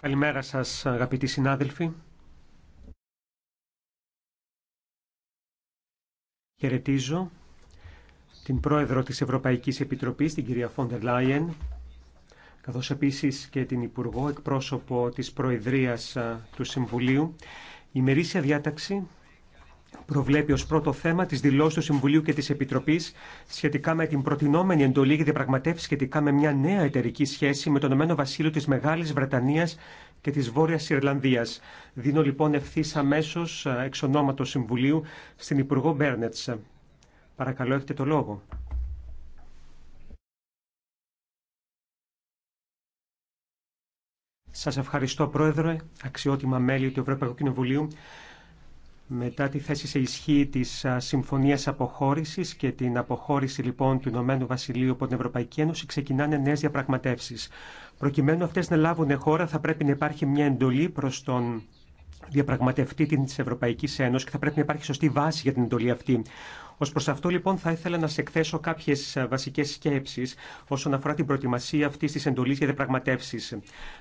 Καλημέρα σας αγαπητοί συνάδελφοι. Χαιρετίζω την πρόεδρο της Ευρωπαϊκής Επιτροπής, την κυρία Φόντερ Λάιεν, καθώς επίσης και την Υπουργό εκπρόσωπο της Προεδρίας ε, του Συμβουλίου. Η μερίσια διάταξη προβλέπει ω πρώτο θέμα τι δηλώσει του Συμβουλίου και τη Επιτροπή σχετικά με την προτινόμενη εντολή για διαπραγματεύσει σχετικά με μια νέα εταιρική σχέση με τον Ηνωμένο Βασίλειο τη Μεγάλης Βρετανία και τη Βόρειας Ιρλανδίας. Δίνω λοιπόν ευθύ αμέσω ε, εξ ονόματο Συμβουλίου στην Υπουργό Μπέρνετ. Παρακαλώ, έχετε το λόγο. Σας ευχαριστώ, Πρόεδρε, αξιότιμα μέλη του Ευρωπαϊκού Κοινοβουλίου μετά τη θέση σε ισχύ της Συμφωνίας Αποχώρησης και την αποχώρηση λοιπόν του Ηνωμένου Βασιλείου από την Ευρωπαϊκή Ένωση ξεκινάνε νέες διαπραγματεύσεις. Προκειμένου αυτές να λάβουν χώρα θα πρέπει να υπάρχει μια εντολή προς τον διαπραγματευτή της Ευρωπαϊκής Ένωσης και θα πρέπει να υπάρχει σωστή βάση για την εντολή αυτή. Ω προ αυτό, λοιπόν, θα ήθελα να σε εκθέσω κάποιε βασικέ σκέψει όσον αφορά την προετοιμασία αυτή τη εντολή για διαπραγματεύσει.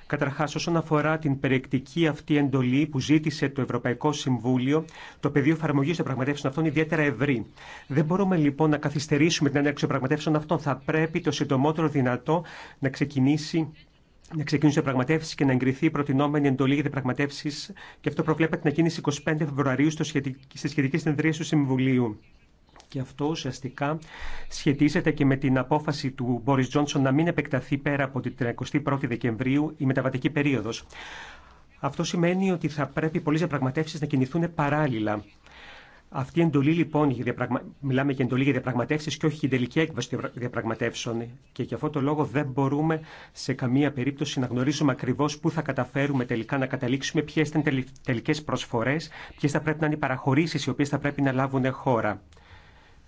Καταρχά, όσον αφορά την περιεκτική αυτή εντολή που ζήτησε το Ευρωπαϊκό Συμβούλιο, το πεδίο εφαρμογή διαπραγματεύσεων αυτών ιδιαίτερα ευρύ. Δεν μπορούμε λοιπόν να καθυστερήσουμε την έναρξη διαπραγματεύσεων αυτών. Θα πρέπει το συντομότερο δυνατό να ξεκινήσει να ξεκινήσουν διαπραγματεύσει και να εγκριθεί η προτινόμενη εντολή για διαπραγματεύσει, και αυτό προβλέπεται να γίνει στι 25 Φεβρουαρίου στι σχετικέ συνεδρίε του Συμβουλίου. Και αυτό ουσιαστικά σχετίζεται και με την απόφαση του Μπόρι Τζόνσον να μην επεκταθεί πέρα από την 31η Δεκεμβρίου η μεταβατική περίοδο. Αυτό σημαίνει ότι θα πρέπει πολλέ διαπραγματεύσει να κινηθούν παράλληλα. Αυτή η εντολή λοιπόν, μιλάμε για εντολή για διαπραγματεύσει και όχι για τελική έκβαση διαπραγματεύσεων. Και για αυτό το λόγο δεν μπορούμε σε καμία περίπτωση να γνωρίσουμε ακριβώ πού θα καταφέρουμε τελικά να καταλήξουμε, ποιε ήταν τελικέ προσφορέ, ποιε θα πρέπει να είναι οι παραχωρήσει οι οποίε θα πρέπει να λάβουν χώρα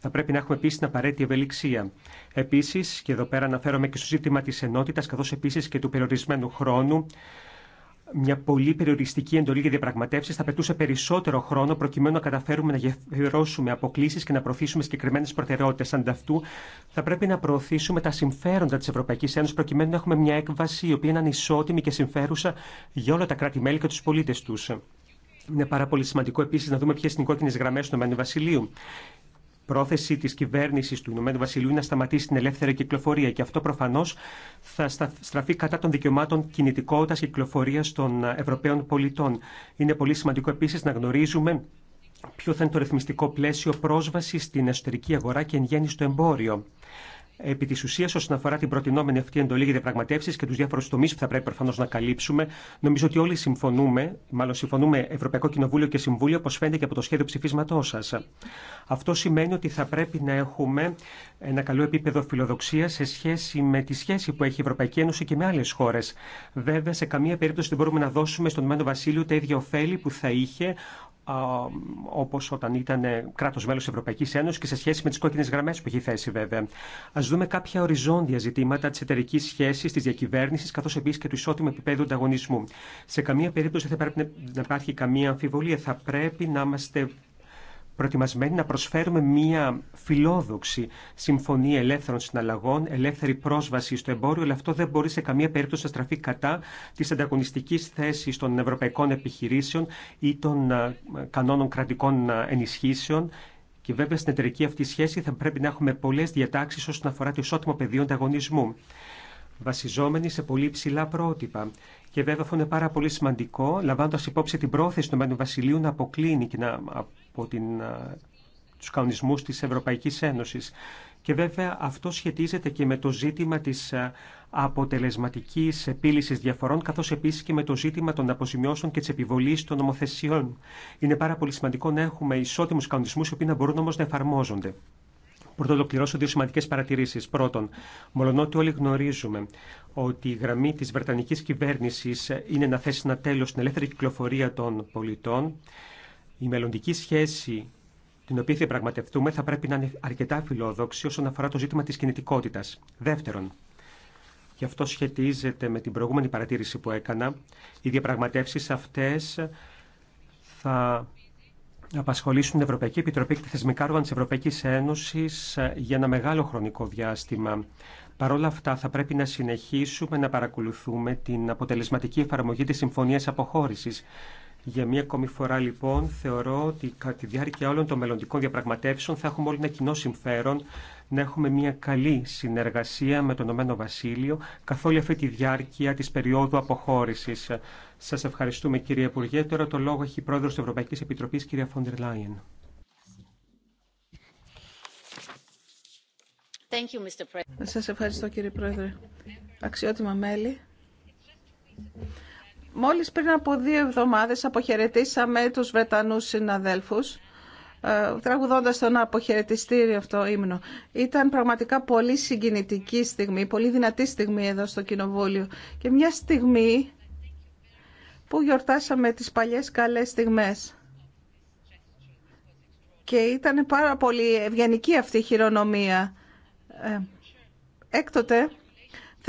θα πρέπει να έχουμε επίση την απαραίτητη ευελιξία. Επίση, και εδώ πέρα αναφέρομαι και στο ζήτημα τη ενότητα, καθώ επίση και του περιορισμένου χρόνου, μια πολύ περιοριστική εντολή για διαπραγματεύσει θα πετούσε περισσότερο χρόνο προκειμένου να καταφέρουμε να γεφυρώσουμε αποκλήσει και να προωθήσουμε συγκεκριμένε προτεραιότητε. Ανταυτού, θα πρέπει να προωθήσουμε τα συμφέροντα τη Ευρωπαϊκή Ένωση προκειμένου να έχουμε μια έκβαση η οποία είναι ανισότιμη και συμφέρουσα για όλα τα κράτη-μέλη και του πολίτε του. Είναι πάρα πολύ σημαντικό επίση να δούμε ποιε είναι οι κόκκινε γραμμέ του πρόθεση της κυβέρνηση του Ηνωμένου Βασιλείου να σταματήσει την ελεύθερη κυκλοφορία και αυτό προφανώς θα στραφεί κατά των δικαιωμάτων κινητικότητα και κυκλοφορίας των ε, Ευρωπαίων πολιτών. Είναι πολύ σημαντικό επίση να γνωρίζουμε ποιο θα είναι το ρυθμιστικό πλαίσιο πρόσβαση στην εσωτερική αγορά και εν γέννη στο εμπόριο. Επί τη ουσία, όσον αφορά την προτινόμενη αυτή εντολή για διαπραγματεύσει και του διάφορου τομεί που θα πρέπει προφανώ να καλύψουμε, νομίζω ότι όλοι συμφωνούμε, μάλλον συμφωνούμε Ευρωπαϊκό Κοινοβούλιο και Συμβούλιο, όπω φαίνεται και από το σχέδιο ψηφίσματό σα. Αυτό σημαίνει ότι θα πρέπει να έχουμε ένα καλό επίπεδο φιλοδοξία σε σχέση με τη σχέση που έχει η Ευρωπαϊκή Ένωση και με άλλε χώρε. Βέβαια, σε καμία περίπτωση δεν μπορούμε να δώσουμε στον Μένο Βασίλειο τα ίδια ωφέλη που θα είχε όπω όταν ήταν κράτο μέλο Ευρωπαϊκή Ένωση και σε σχέση με τι κόκκινε γραμμέ που έχει θέσει βέβαια. Α δούμε κάποια οριζόντια ζητήματα τη εταιρική σχέση, τη διακυβέρνηση, καθώ επίση και του ισότιμου επίπεδου ανταγωνισμού. Σε καμία περίπτωση δεν θα πρέπει να υπάρχει καμία αμφιβολία. Θα πρέπει να είμαστε προετοιμασμένοι να προσφέρουμε μια φιλόδοξη συμφωνία ελεύθερων συναλλαγών, ελεύθερη πρόσβαση στο εμπόριο, αλλά αυτό δεν μπορεί σε καμία περίπτωση να στραφεί κατά τη ανταγωνιστική θέση των ευρωπαϊκών επιχειρήσεων ή των ε, κανόνων κρατικών ε, ενισχύσεων. Και βέβαια στην εταιρική αυτή σχέση θα πρέπει να έχουμε πολλέ διατάξει όσον αφορά το ισότιμο πεδίο ανταγωνισμού βασιζόμενοι σε πολύ ψηλά πρότυπα. Και βέβαια αυτό είναι πάρα πολύ σημαντικό, λαμβάνοντα υπόψη την πρόθεση του Βασιλείου να αποκλίνει και να από την, τους κανονισμούς της Ευρωπαϊκής Ένωσης. Και βέβαια αυτό σχετίζεται και με το ζήτημα της αποτελεσματικής επίλυσης διαφορών, καθώς επίσης και με το ζήτημα των αποζημιώσεων και της επιβολής των νομοθεσιών. Είναι πάρα πολύ σημαντικό να έχουμε ισότιμους κανονισμούς, οι οποίοι να μπορούν όμως να εφαρμόζονται. Πρώτα ολοκληρώσω δύο σημαντικέ παρατηρήσει. Πρώτον, μολονότι όλοι γνωρίζουμε ότι η γραμμή τη Βρετανική κυβέρνηση είναι να θέσει ένα τέλο στην ελεύθερη κυκλοφορία των πολιτών, η μελλοντική σχέση την οποία θα πραγματευτούμε θα πρέπει να είναι αρκετά φιλόδοξη όσον αφορά το ζήτημα της κινητικότητας. Δεύτερον, και αυτό σχετίζεται με την προηγούμενη παρατήρηση που έκανα, οι διαπραγματεύσεις αυτές θα απασχολήσουν την Ευρωπαϊκή Επιτροπή και τα θεσμικά όργανα της Ευρωπαϊκής Ένωσης για ένα μεγάλο χρονικό διάστημα. Παρ' όλα αυτά θα πρέπει να συνεχίσουμε να παρακολουθούμε την αποτελεσματική εφαρμογή της Συμφωνίας Αποχώρησης για μία ακόμη φορά λοιπόν θεωρώ ότι κατά τη διάρκεια όλων των μελλοντικών διαπραγματεύσεων θα έχουμε όλοι ένα κοινό συμφέρον να έχουμε μια καλή συνεργασία με τον Ηνωμένο Βασίλειο καθ' όλη αυτή τη διάρκεια της περίοδου αποχώρησης. Σας ευχαριστούμε κύριε Υπουργέ. Τώρα το λόγο έχει η πρόεδρος της Ευρωπαϊκής Επιτροπής κυρία Φόντερ Λάιεν. Σας ευχαριστώ κύριε Πρόεδρε. Αξιότιμα μέλη. Μόλις πριν από δύο εβδομάδες αποχαιρετήσαμε τους Βρετανούς συναδέλφους ε, τραγουδώντας τον αποχαιρετιστήριο αυτό ύμνο. Ήταν πραγματικά πολύ συγκινητική στιγμή, πολύ δυνατή στιγμή εδώ στο Κοινοβούλιο και μια στιγμή που γιορτάσαμε τις παλιές καλές στιγμές. Και ήταν πάρα πολύ ευγενική αυτή η χειρονομία. Ε, έκτοτε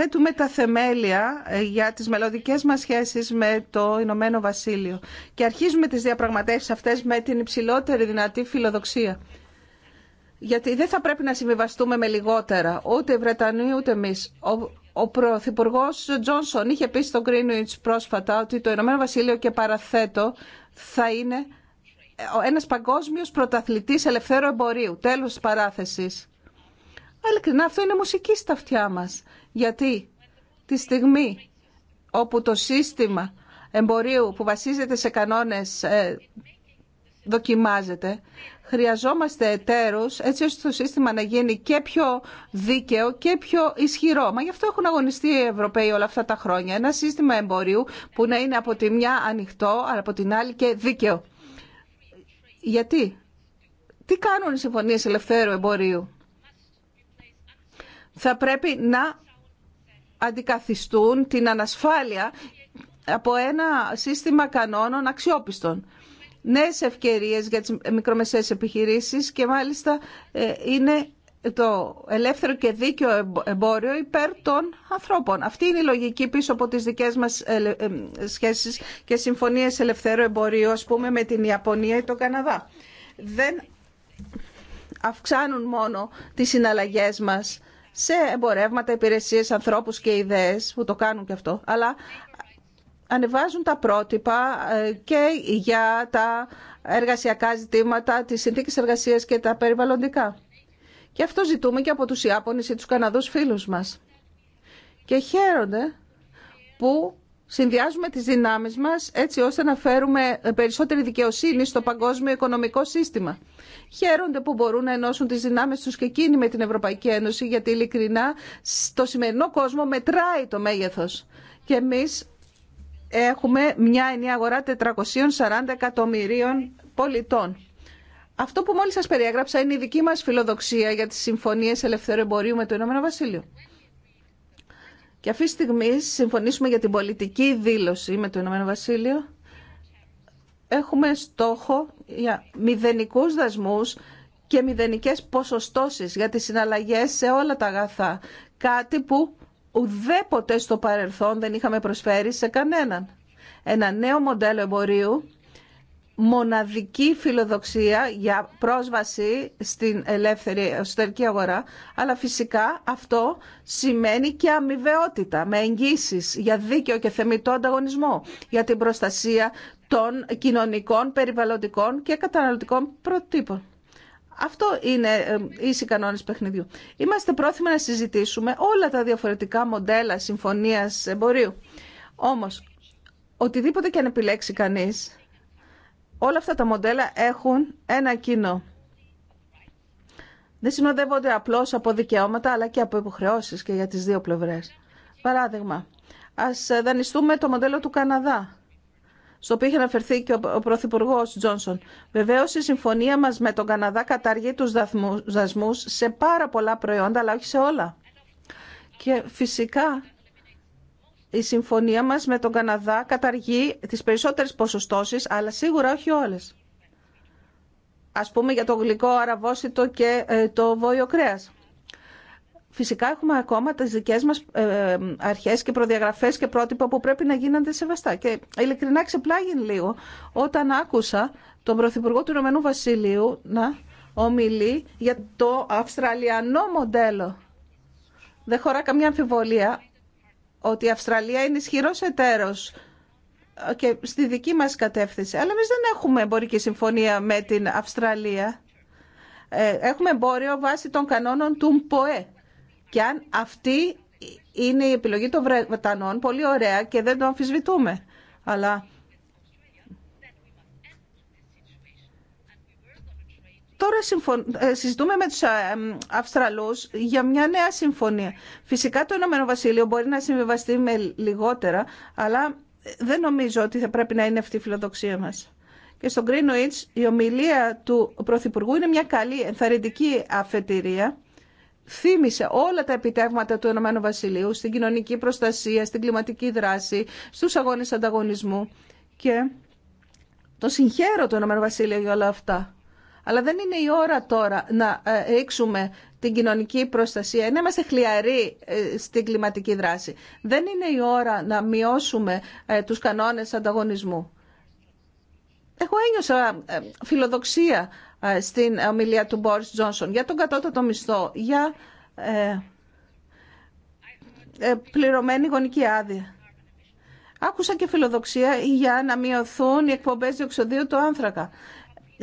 θέτουμε τα θεμέλια ε, για τις μελλοντικέ μας σχέσεις με το Ηνωμένο Βασίλειο και αρχίζουμε τις διαπραγματεύσεις αυτές με την υψηλότερη δυνατή φιλοδοξία. Γιατί δεν θα πρέπει να συμβιβαστούμε με λιγότερα, ούτε οι Βρετανοί ούτε εμεί. Ο, ο Πρωθυπουργό Τζόνσον είχε πει στο Greenwich πρόσφατα ότι το Ηνωμένο Βασίλειο και παραθέτω θα είναι ε, ένας παγκόσμιος πρωταθλητής ελευθέρου εμπορίου. Τέλος της παράθεσης. Ειλικρινά, αυτό είναι μουσική στα αυτιά μας. Γιατί τη στιγμή όπου το σύστημα εμπορίου που βασίζεται σε κανόνες ε, δοκιμάζεται, χρειαζόμαστε εταίρους έτσι ώστε το σύστημα να γίνει και πιο δίκαιο και πιο ισχυρό. Μα γι' αυτό έχουν αγωνιστεί οι Ευρωπαίοι όλα αυτά τα χρόνια. Ένα σύστημα εμπορίου που να είναι από τη μια ανοιχτό, αλλά από την άλλη και δίκαιο. Γιατί? Τι κάνουν οι συμφωνίες ελευθέρου εμπορίου? Θα πρέπει να αντικαθιστούν την ανασφάλεια από ένα σύστημα κανόνων αξιόπιστων. Νέες ευκαιρίες για τις μικρομεσαίες επιχειρήσεις και μάλιστα ε, είναι το ελεύθερο και δίκαιο εμπόριο υπέρ των ανθρώπων. Αυτή είναι η λογική πίσω από τις δικές μας ε, ε, σχέσεις και συμφωνίες ελευθέρου εμπορίου, ας πούμε, με την Ιαπωνία ή τον Καναδά. Δεν αυξάνουν μόνο τις συναλλαγές μας σε εμπορεύματα, υπηρεσίες, ανθρώπους και ιδέες που το κάνουν και αυτό, αλλά ανεβάζουν τα πρότυπα ε, και για τα εργασιακά ζητήματα, τις συνθήκες εργασίας και τα περιβαλλοντικά. Και αυτό ζητούμε και από τους Ιάπωνες ή τους Καναδούς φίλους μας. Και χαίρονται που συνδυάζουμε τις δυνάμεις μας έτσι ώστε να φέρουμε περισσότερη δικαιοσύνη στο παγκόσμιο οικονομικό σύστημα. Χαίρονται που μπορούν να ενώσουν τις δυνάμεις τους και εκείνοι με την Ευρωπαϊκή Ένωση γιατί ειλικρινά στο σημερινό κόσμο μετράει το μέγεθος. Και εμείς έχουμε μια ενιαία αγορά 440 εκατομμυρίων πολιτών. Αυτό που μόλις σας περιέγραψα είναι η δική μας φιλοδοξία για τις συμφωνίες ελευθερου με το Ηνωμένο Βασίλειο. Και αυτή τη στιγμή συμφωνήσουμε για την πολιτική δήλωση με το Ηνωμένο Βασίλειο. Έχουμε στόχο για μηδενικούς δασμούς και μηδενικές ποσοστώσεις για τις συναλλαγές σε όλα τα αγαθά. Κάτι που ουδέποτε στο παρελθόν δεν είχαμε προσφέρει σε κανέναν. Ένα νέο μοντέλο εμπορίου μοναδική φιλοδοξία για πρόσβαση στην ελεύθερη εσωτερική αγορά, αλλά φυσικά αυτό σημαίνει και αμοιβαιότητα με εγγύσει για δίκαιο και θεμητό ανταγωνισμό, για την προστασία των κοινωνικών, περιβαλλοντικών και καταναλωτικών προτύπων. Αυτό είναι ε, ίση κανόνε παιχνιδιού. Είμαστε πρόθυμοι να συζητήσουμε όλα τα διαφορετικά μοντέλα συμφωνίας εμπορίου. Όμως, οτιδήποτε και αν επιλέξει κανείς, Όλα αυτά τα μοντέλα έχουν ένα κοινό. Δεν συνοδεύονται απλώς από δικαιώματα αλλά και από υποχρεώσεις και για τις δύο πλευρές. Παράδειγμα, ας δανειστούμε το μοντέλο του Καναδά στο οποίο είχε αναφερθεί και ο Πρωθυπουργό Τζόνσον. Βεβαίω, η συμφωνία μα με τον Καναδά καταργεί του δασμού σε πάρα πολλά προϊόντα, αλλά όχι σε όλα. Και φυσικά η συμφωνία μας με τον Καναδά καταργεί τις περισσότερες ποσοστώσεις, αλλά σίγουρα όχι όλες. Ας πούμε για το γλυκό αραβόσιτο και ε, το βόλιο κρέας. Φυσικά έχουμε ακόμα τις δικές μας ε, αρχές και προδιαγραφές και πρότυπα που πρέπει να γίνονται σεβαστά. Και ειλικρινά ξεπλάγει λίγο όταν άκουσα τον Πρωθυπουργό του Ρωμανού Βασιλείου να ομιλεί για το αυστραλιανό μοντέλο. Δεν χωρά καμία αμφιβολία ότι η Αυστραλία είναι ισχυρό εταίρο και στη δική μας κατεύθυνση. Αλλά εμεί δεν έχουμε εμπορική συμφωνία με την Αυστραλία. Ε, έχουμε εμπόριο βάσει των κανόνων του ΠΟΕ. Και αν αυτή είναι η επιλογή των Βρετανών, πολύ ωραία και δεν το αμφισβητούμε. Αλλά Τώρα ε, συζητούμε με τους ε, Αυστραλούς για μια νέα συμφωνία. Φυσικά το Ηνωμένο Βασίλειο μπορεί να συμβιβαστεί με λιγότερα, αλλά ε, δεν νομίζω ότι θα πρέπει να είναι αυτή η φιλοδοξία μας. Και στο Greenwich η ομιλία του Πρωθυπουργού είναι μια καλή ενθαρρυντική αφετηρία. Θύμισε όλα τα επιτεύγματα του Ηνωμένου Βασιλείου στην κοινωνική προστασία, στην κλιματική δράση, στους αγώνες ανταγωνισμού και το συγχαίρω του Ηνωμένου για όλα αυτά. Αλλά δεν είναι η ώρα τώρα να ε, ρίξουμε την κοινωνική προστασία, να είμαστε χλιαροί ε, στην κλιματική δράση. Δεν είναι η ώρα να μειώσουμε ε, τους κανόνες ανταγωνισμού. Έχω ένιωσα φιλοδοξία στην ομιλία του Μπόρις Τζόνσον για τον κατώτατο μισθό, για πληρωμένη γονική άδεια. Άκουσα και φιλοδοξία για να μειωθούν οι εκπομπές διοξοδίου του άνθρακα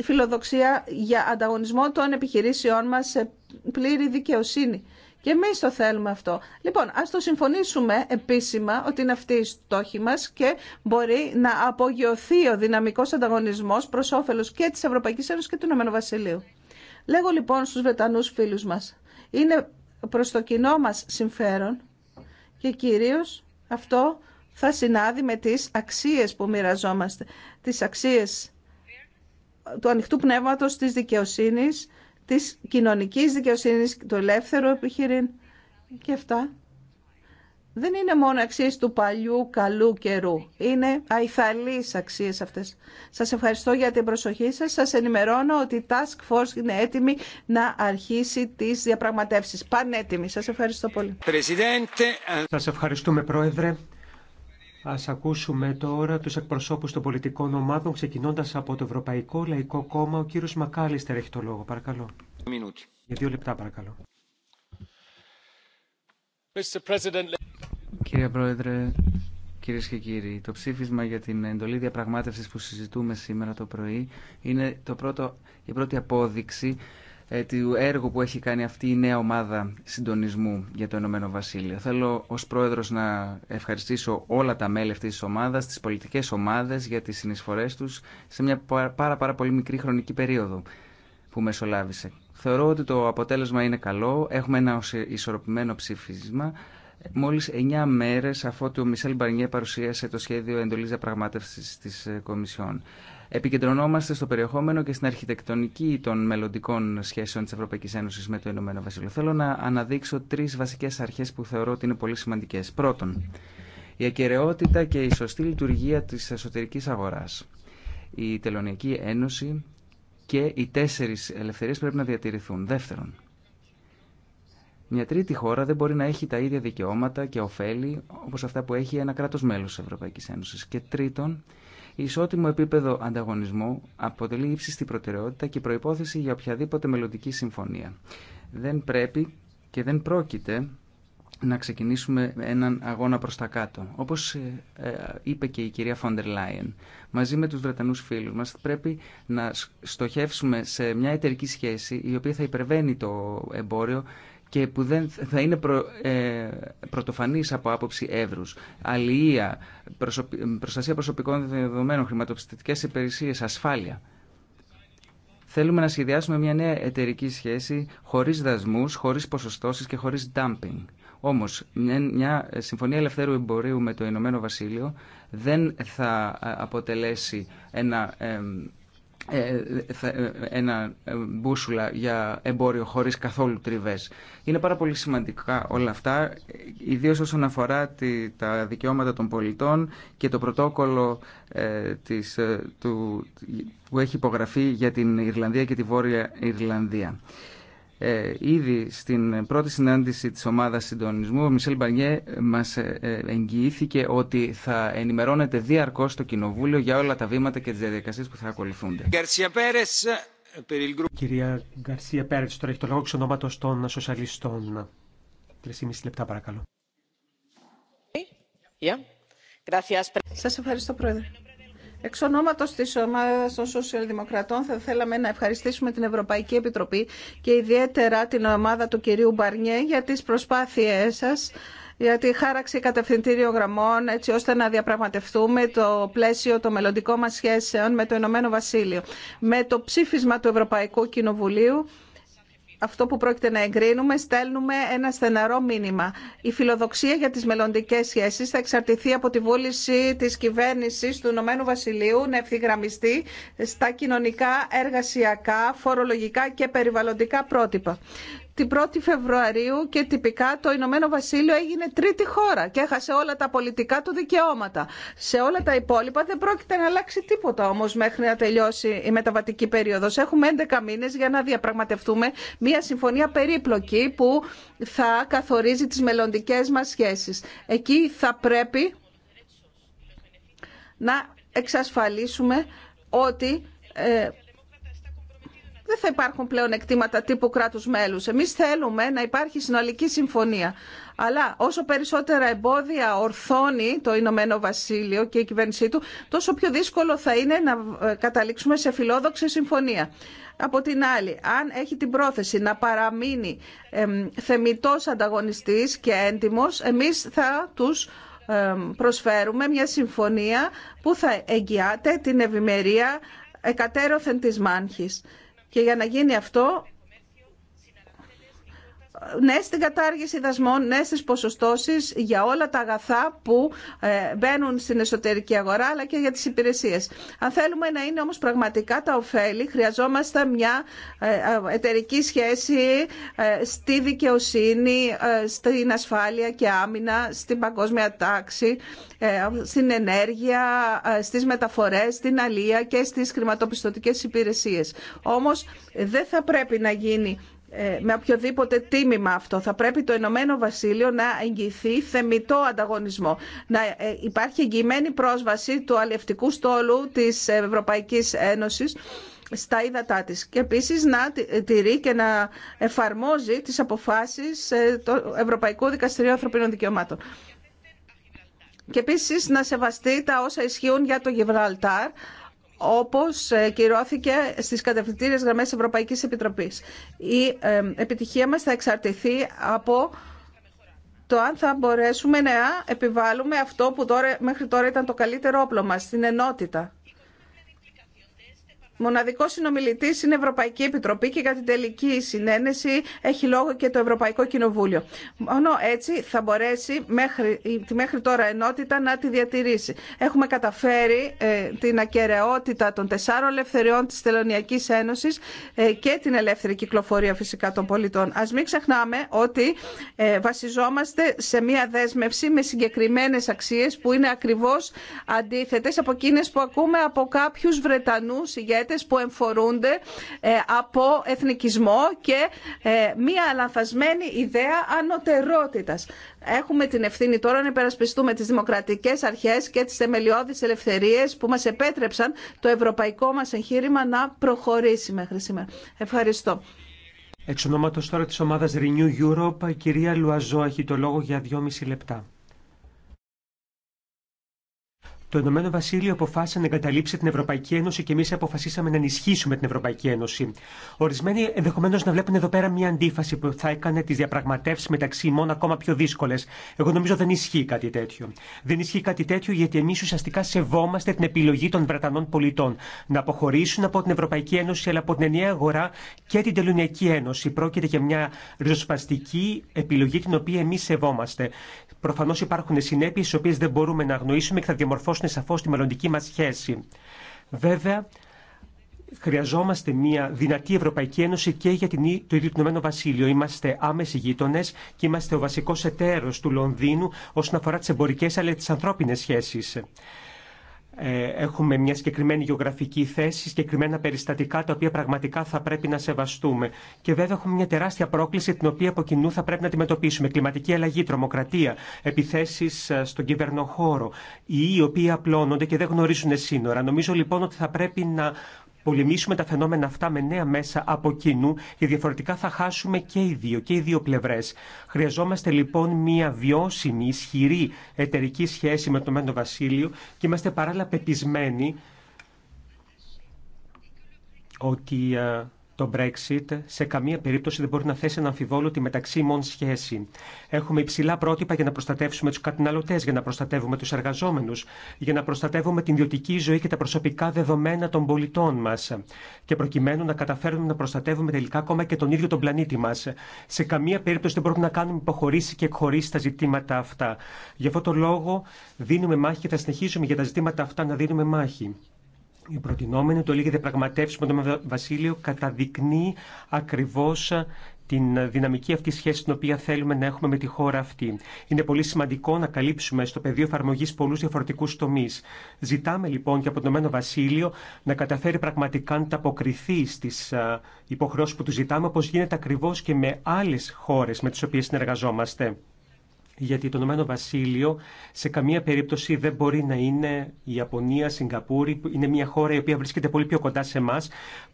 φιλοδοξία για ανταγωνισμό των επιχειρήσεών μας σε πλήρη δικαιοσύνη. Και εμεί το θέλουμε αυτό. Λοιπόν, α το συμφωνήσουμε επίσημα ότι είναι αυτή η στόχη μα και μπορεί να απογειωθεί ο δυναμικό ανταγωνισμό προ όφελο και τη Ευρωπαϊκή Ένωση και του Ηνωμένου Βασιλείου. Λέγω λοιπόν στου Βρετανού φίλου μα, είναι προ το κοινό μα συμφέρον και κυρίω αυτό θα συνάδει με τις αξίες που μοιραζόμαστε, τις αξίες του ανοιχτού πνεύματος της δικαιοσύνης, της κοινωνικής δικαιοσύνης, του ελεύθερου επιχειρήν και αυτά. Δεν είναι μόνο αξίες του παλιού καλού καιρού. Είναι αϊθαλείς αξίες αυτές. Σας ευχαριστώ για την προσοχή σας. Σας ενημερώνω ότι η Task Force είναι έτοιμη να αρχίσει τις διαπραγματεύσεις. Πανέτοιμη. Σας ευχαριστώ πολύ. Ε, σας ευχαριστούμε Πρόεδρε. Ας ακούσουμε τώρα τους εκπροσώπους των πολιτικών ομάδων, ξεκινώντας από το Ευρωπαϊκό Λαϊκό Κόμμα. Ο κύριος Μακάλιστερ έχει το λόγο, παρακαλώ. Μινουτι. Για δύο λεπτά, παρακαλώ. Κύριε Πρόεδρε, Κυρίε και κύριοι, το ψήφισμα για την εντολή διαπραγμάτευση που συζητούμε σήμερα το πρωί είναι το πρώτο, η πρώτη απόδειξη ε, του έργου που έχει κάνει αυτή η νέα ομάδα συντονισμού για το Ηνωμένο Βασίλειο. Θέλω ως πρόεδρος να ευχαριστήσω όλα τα μέλη αυτής της ομάδας, τι πολιτικές ομάδες για τις συνεισφορέ τους σε μια πάρα, πάρα πολύ μικρή χρονική περίοδο που μεσολάβησε. Θεωρώ ότι το αποτέλεσμα είναι καλό, έχουμε ένα ισορροπημένο ψήφισμα Μόλις 9 μέρες αφού ο Μισελ Μπαρνιέ παρουσίασε το σχέδιο εντολής διαπραγμάτευσης της ε, Κομισιόν. Επικεντρωνόμαστε στο περιεχόμενο και στην αρχιτεκτονική των μελλοντικών σχέσεων της Ευρωπαϊκής Ένωσης με το Ηνωμένο Βασίλειο. Θέλω να αναδείξω τρεις βασικές αρχές που θεωρώ ότι είναι πολύ σημαντικές. Πρώτον, η ακαιρεότητα και η σωστή λειτουργία της εσωτερικής αγοράς. Η Τελωνιακή Ένωση και οι τέσσερι ελευθερίες πρέπει να διατηρηθούν. Δεύτερον, μια τρίτη χώρα δεν μπορεί να έχει τα ίδια δικαιώματα και ωφέλη όπως αυτά που έχει ένα κράτος μέλος της Ευρωπαϊκής Ένωσης. Και τρίτον, η ισότιμο επίπεδο ανταγωνισμού αποτελεί ύψιστη προτεραιότητα και προϋπόθεση για οποιαδήποτε μελλοντική συμφωνία. Δεν πρέπει και δεν πρόκειται να ξεκινήσουμε έναν αγώνα προς τα κάτω. Όπως ε, ε, είπε και η κυρία Φόντερ Λάιεν, μαζί με τους Βρετανούς φίλους μας πρέπει να στοχεύσουμε σε μια εταιρική σχέση η οποία θα υπερβαίνει το εμπόριο και που δεν θα είναι προ, ε, από άποψη εύρους. Αλληλεία, προστασία προσωπικών δεδομένων, χρηματοπιστωτικές υπηρεσίες, ασφάλεια. Θέλουμε να σχεδιάσουμε μια νέα εταιρική σχέση χωρίς δασμούς, χωρίς ποσοστώσεις και χωρίς dumping. Όμως, μια συμφωνία ελευθέρου εμπορίου με το Ηνωμένο Βασίλειο δεν θα ε, αποτελέσει ένα ε, ε, ε, ένα ε, μπούσουλα για εμπόριο χωρίς καθόλου τριβές. Είναι πάρα πολύ σημαντικά όλα αυτά, ιδίως όσον αφορά τα δικαιώματα των πολιτών και το πρωτόκολλο του, που έχει υπογραφεί για την Ιρλανδία και τη Βόρεια Ιρλανδία ε, ήδη στην πρώτη συνάντηση της ομάδας συντονισμού ο Μισελ Μπανιέ μας ε, ε, εγγυήθηκε ότι θα ενημερώνεται διαρκώς το Κοινοβούλιο για όλα τα βήματα και τις διαδικασίες που θα ακολουθούνται. Κυρία Γκαρσία Πέρετς, τώρα έχει το λόγο ξενόματος των σοσιαλιστών. Τρεις ή λεπτά παρακαλώ. Σας ευχαριστώ Πρόεδρε. Εξ ονόματο της ομάδας των Σοσιαλδημοκρατών θα θέλαμε να ευχαριστήσουμε την Ευρωπαϊκή Επιτροπή και ιδιαίτερα την ομάδα του κυρίου Μπαρνιέ για τις προσπάθειές σας για τη χάραξη κατευθυντήριων γραμμών έτσι ώστε να διαπραγματευτούμε το πλαίσιο των μελλοντικών μας σχέσεων με το Ηνωμένο Βασίλειο. Με το ψήφισμα του Ευρωπαϊκού Κοινοβουλίου αυτό που πρόκειται να εγκρίνουμε, στέλνουμε ένα στεναρό μήνυμα. Η φιλοδοξία για τις μελλοντικέ σχέσει θα εξαρτηθεί από τη βούληση της κυβέρνηση του Ηνωμένου Βασιλείου να ευθυγραμμιστεί στα κοινωνικά, εργασιακά, φορολογικά και περιβαλλοντικά πρότυπα την 1η Φεβρουαρίου και τυπικά το Ηνωμένο Βασίλειο έγινε τρίτη χώρα και έχασε όλα τα πολιτικά του δικαιώματα. Σε όλα τα υπόλοιπα δεν πρόκειται να αλλάξει τίποτα όμως μέχρι να τελειώσει η μεταβατική περίοδος. να αλλαξει τιποτα ομω μεχρι να τελειωσει η μεταβατικη περιοδος εχουμε 11 μήνε για να διαπραγματευτούμε μια συμφωνία περίπλοκη που θα καθορίζει τι μελλοντικέ μα σχέσει. Εκεί θα πρέπει να εξασφαλίσουμε ότι ε, δεν θα υπάρχουν πλέον εκτίματα τύπου κράτους μέλους. Εμείς θέλουμε να υπάρχει συνολική συμφωνία. Αλλά όσο περισσότερα εμπόδια ορθώνει το Ηνωμένο Βασίλειο και η κυβέρνησή του, τόσο πιο δύσκολο θα είναι να ε, καταλήξουμε σε φιλόδοξη συμφωνία. Από την άλλη, αν έχει την πρόθεση να παραμείνει θεμητός ανταγωνιστής και έντιμος, εμείς θα τους προσφέρουμε μια συμφωνία που θα εγγυάται την ευημερία εκατέρωθεν της μάνχης. Και για να γίνει αυτό ναι στην κατάργηση δασμών, ναι στις ποσοστώσεις για όλα τα αγαθά που ε, μπαίνουν στην εσωτερική αγορά αλλά και για τις υπηρεσίες. Αν θέλουμε να είναι όμως πραγματικά τα ωφέλη, χρειαζόμαστε μια ε, ε, εταιρική σχέση στη δικαιοσύνη, στην ασφάλεια και άμυνα, στην παγκόσμια τάξη, στην ενέργεια, στις μεταφορές, στην αλία και στις χρηματοπιστωτικές υπηρεσίες. Όμως δεν θα πρέπει να γίνει ε, με οποιοδήποτε τίμημα αυτό. Θα πρέπει το Ηνωμένο Βασίλειο να εγγυηθεί θεμητό ανταγωνισμό. Να ε, υπάρχει εγγυημένη πρόσβαση του αλευτικού στόλου της Ευρωπαϊκής Ένωσης στα ύδατά της και επίσης να τηρεί και να εφαρμόζει τις αποφάσεις ε, του Ευρωπαϊκού Δικαστηρίου Ανθρωπίνων Δικαιωμάτων. Και επίσης να σεβαστεί τα όσα ισχύουν για το Γιβραλτάρ όπως ε, κυρώθηκε στις κατευθυντήριες γραμμές Ευρωπαϊκής Επιτροπής. Η ε, επιτυχία μας θα εξαρτηθεί από το αν θα μπορέσουμε να επιβάλλουμε αυτό που μέχρι τώρα ήταν το καλύτερο όπλο μας, την ενότητα. Μοναδικό συνομιλητή είναι η Ευρωπαϊκή Επιτροπή και για την τελική συνένεση έχει λόγο και το Ευρωπαϊκό Κοινοβούλιο. Μόνο έτσι θα μπορέσει μέχρι, τη μέχρι τώρα ενότητα να τη διατηρήσει. Έχουμε καταφέρει ε, την ακαιρεότητα των τεσσάρων ελευθεριών τη Τελωνιακή Ένωση ε, και την ελεύθερη κυκλοφορία φυσικά των πολιτών. Α μην ξεχνάμε ότι ε, βασιζόμαστε σε μία δέσμευση με συγκεκριμένε αξίε που είναι ακριβώ αντίθετε από εκείνε που ακούμε από κάποιου Βρετανού ηγέτε που εμφορούνται ε, από εθνικισμό και ε, μία λανθασμένη ιδέα ανωτερότητας. Έχουμε την ευθύνη τώρα να υπερασπιστούμε τις δημοκρατικές αρχές και τις θεμελιώδεις ελευθερίες που μας επέτρεψαν το ευρωπαϊκό μας εγχείρημα να προχωρήσει μέχρι σήμερα. Ευχαριστώ. Εξ ονόματος τώρα της ομάδας Renew Europe, η κυρία Λουαζό έχει το λόγο για δυόμιση λεπτά το Ηνωμένο Βασίλειο αποφάσισε να εγκαταλείψει την Ευρωπαϊκή Ένωση και εμεί αποφασίσαμε να ενισχύσουμε την Ευρωπαϊκή Ένωση. Ορισμένοι ενδεχομένω να βλέπουν εδώ πέρα μια αντίφαση που θα έκανε τι διαπραγματεύσει μεταξύ ημών ακόμα πιο δύσκολε. Εγώ νομίζω δεν ισχύει κάτι τέτοιο. Δεν ισχύει κάτι τέτοιο γιατί εμεί ουσιαστικά σεβόμαστε την επιλογή των Βρετανών πολιτών να αποχωρήσουν από την Ευρωπαϊκή Ένωση αλλά από την ενιαία αγορά και την Τελωνιακή Ένωση. Πρόκειται για μια ριζοσπαστική επιλογή την οποία εμεί σεβόμαστε. Προφανώ υπάρχουν συνέπειε τι οποίε δεν μπορούμε να αγνοήσουμε και θα διαμορφώσουμε σε σαφώ τη μελλοντική μα σχέση. Βέβαια, χρειαζόμαστε μια δυνατή Ευρωπαϊκή Ένωση και για την, το ίδιο Βασίλειο. Είμαστε άμεσοι γείτονε και είμαστε ο βασικό εταίρο του Λονδίνου όσον αφορά τι εμπορικέ αλλά και τι ανθρώπινε σχέσει. Ε, έχουμε μια συγκεκριμένη γεωγραφική θέση, συγκεκριμένα περιστατικά τα οποία πραγματικά θα πρέπει να σεβαστούμε. Και βέβαια έχουμε μια τεράστια πρόκληση την οποία από κοινού θα πρέπει να αντιμετωπίσουμε. Κλιματική αλλαγή, τρομοκρατία, επιθέσει ε, στον κυβερνοχώρο, οι οποίοι απλώνονται και δεν γνωρίζουν σύνορα. Νομίζω λοιπόν ότι θα πρέπει να πολεμήσουμε τα φαινόμενα αυτά με νέα μέσα από κοινού, και διαφορετικά θα χάσουμε και οι δύο, και οι δύο πλευρέ. Χρειαζόμαστε λοιπόν μια βιώσιμη, ισχυρή εταιρική σχέση με το Μέντο Βασίλειο και είμαστε παράλληλα πεπισμένοι ότι ε, το Brexit σε καμία περίπτωση δεν μπορεί να θέσει ένα αμφιβόλο τη μεταξύ μόνη σχέση. Έχουμε υψηλά πρότυπα για να προστατεύσουμε του καταναλωτέ, για να προστατεύουμε του εργαζόμενου, για να προστατεύουμε την ιδιωτική ζωή και τα προσωπικά δεδομένα των πολιτών μα. Και προκειμένου να καταφέρουμε να προστατεύουμε τελικά ακόμα και τον ίδιο τον πλανήτη μα. Σε καμία περίπτωση δεν μπορούμε να κάνουμε υποχωρήσει και εκχωρήσει τα ζητήματα αυτά. Γι' αυτό το λόγο δίνουμε μάχη και θα συνεχίσουμε για τα ζητήματα αυτά να δίνουμε μάχη. Η προτινόμενη το λέγεται πραγματεύσιμο το Βασίλειο καταδεικνύει ακριβώς ε, την δυναμική αυτή σχέση την οποία θέλουμε να έχουμε με τη χώρα αυτή. Είναι πολύ σημαντικό να καλύψουμε στο πεδίο εφαρμογή πολλού διαφορετικού τομεί. Ζητάμε λοιπόν και από το Μένο Βασίλειο να καταφέρει πραγματικά να αποκριθεί στι ε, υποχρεώσει που του ζητάμε, όπω γίνεται ακριβώ και με άλλε χώρε με τι οποίε συνεργαζόμαστε γιατί το Ηνωμένο Βασίλειο σε καμία περίπτωση δεν μπορεί να είναι η Ιαπωνία, η Σιγκαπούρη, είναι μια χώρα η οποία βρίσκεται πολύ πιο κοντά σε εμά,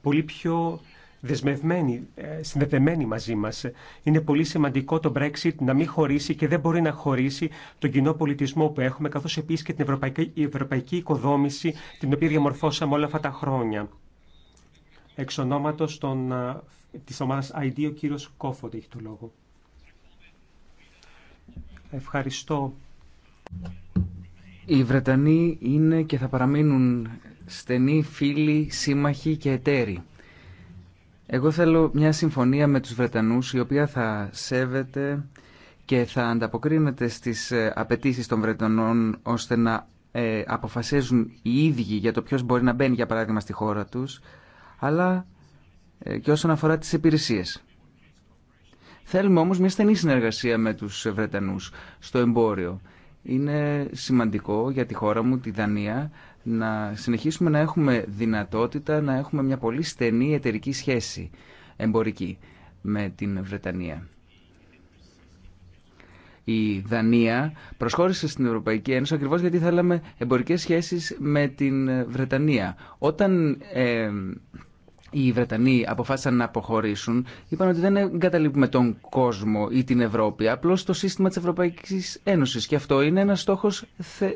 πολύ πιο δεσμευμένη, ε, συνδεδεμένη μαζί μας. Είναι πολύ σημαντικό το Brexit να μην χωρίσει και δεν μπορεί να χωρίσει τον κοινό πολιτισμό που έχουμε, καθώς επίσης και την ευρωπαϊκή, ευρωπαϊκή οικοδόμηση, την οποία διαμορφώσαμε όλα αυτά τα χρόνια. Εξ ονόματος των, ε, της ομάδας ID, ο κύριος Κόφοντ έχει το λόγο. Ευχαριστώ. Οι Βρετανοί είναι και θα παραμείνουν στενοί φίλοι, σύμμαχοι και εταίροι. Εγώ θέλω μια συμφωνία με τους Βρετανούς η οποία θα σέβεται και θα ανταποκρίνεται στις ε, απαιτήσεις των Βρετανών ώστε να ε, αποφασίζουν οι ίδιοι για το ποιος μπορεί να μπαίνει για παράδειγμα στη χώρα τους αλλά ε, και όσον αφορά τις υπηρεσίες. Θέλουμε όμως μια στενή συνεργασία με τους Βρετανούς στο εμπόριο. Είναι σημαντικό για τη χώρα μου, τη Δανία, να συνεχίσουμε να έχουμε δυνατότητα να έχουμε μια πολύ στενή εταιρική σχέση εμπορική με την Βρετανία. Η Δανία προσχώρησε στην Ευρωπαϊκή Ένωση ακριβώς γιατί θέλαμε εμπορικές σχέσεις με την Βρετανία. Όταν ε, οι Βρετανοί αποφάσισαν να αποχωρήσουν, είπαν ότι δεν εγκαταλείπουμε τον κόσμο ή την Ευρώπη, απλώ το σύστημα τη Ευρωπαϊκή Ένωσης. Και αυτό είναι ένα στόχο θε,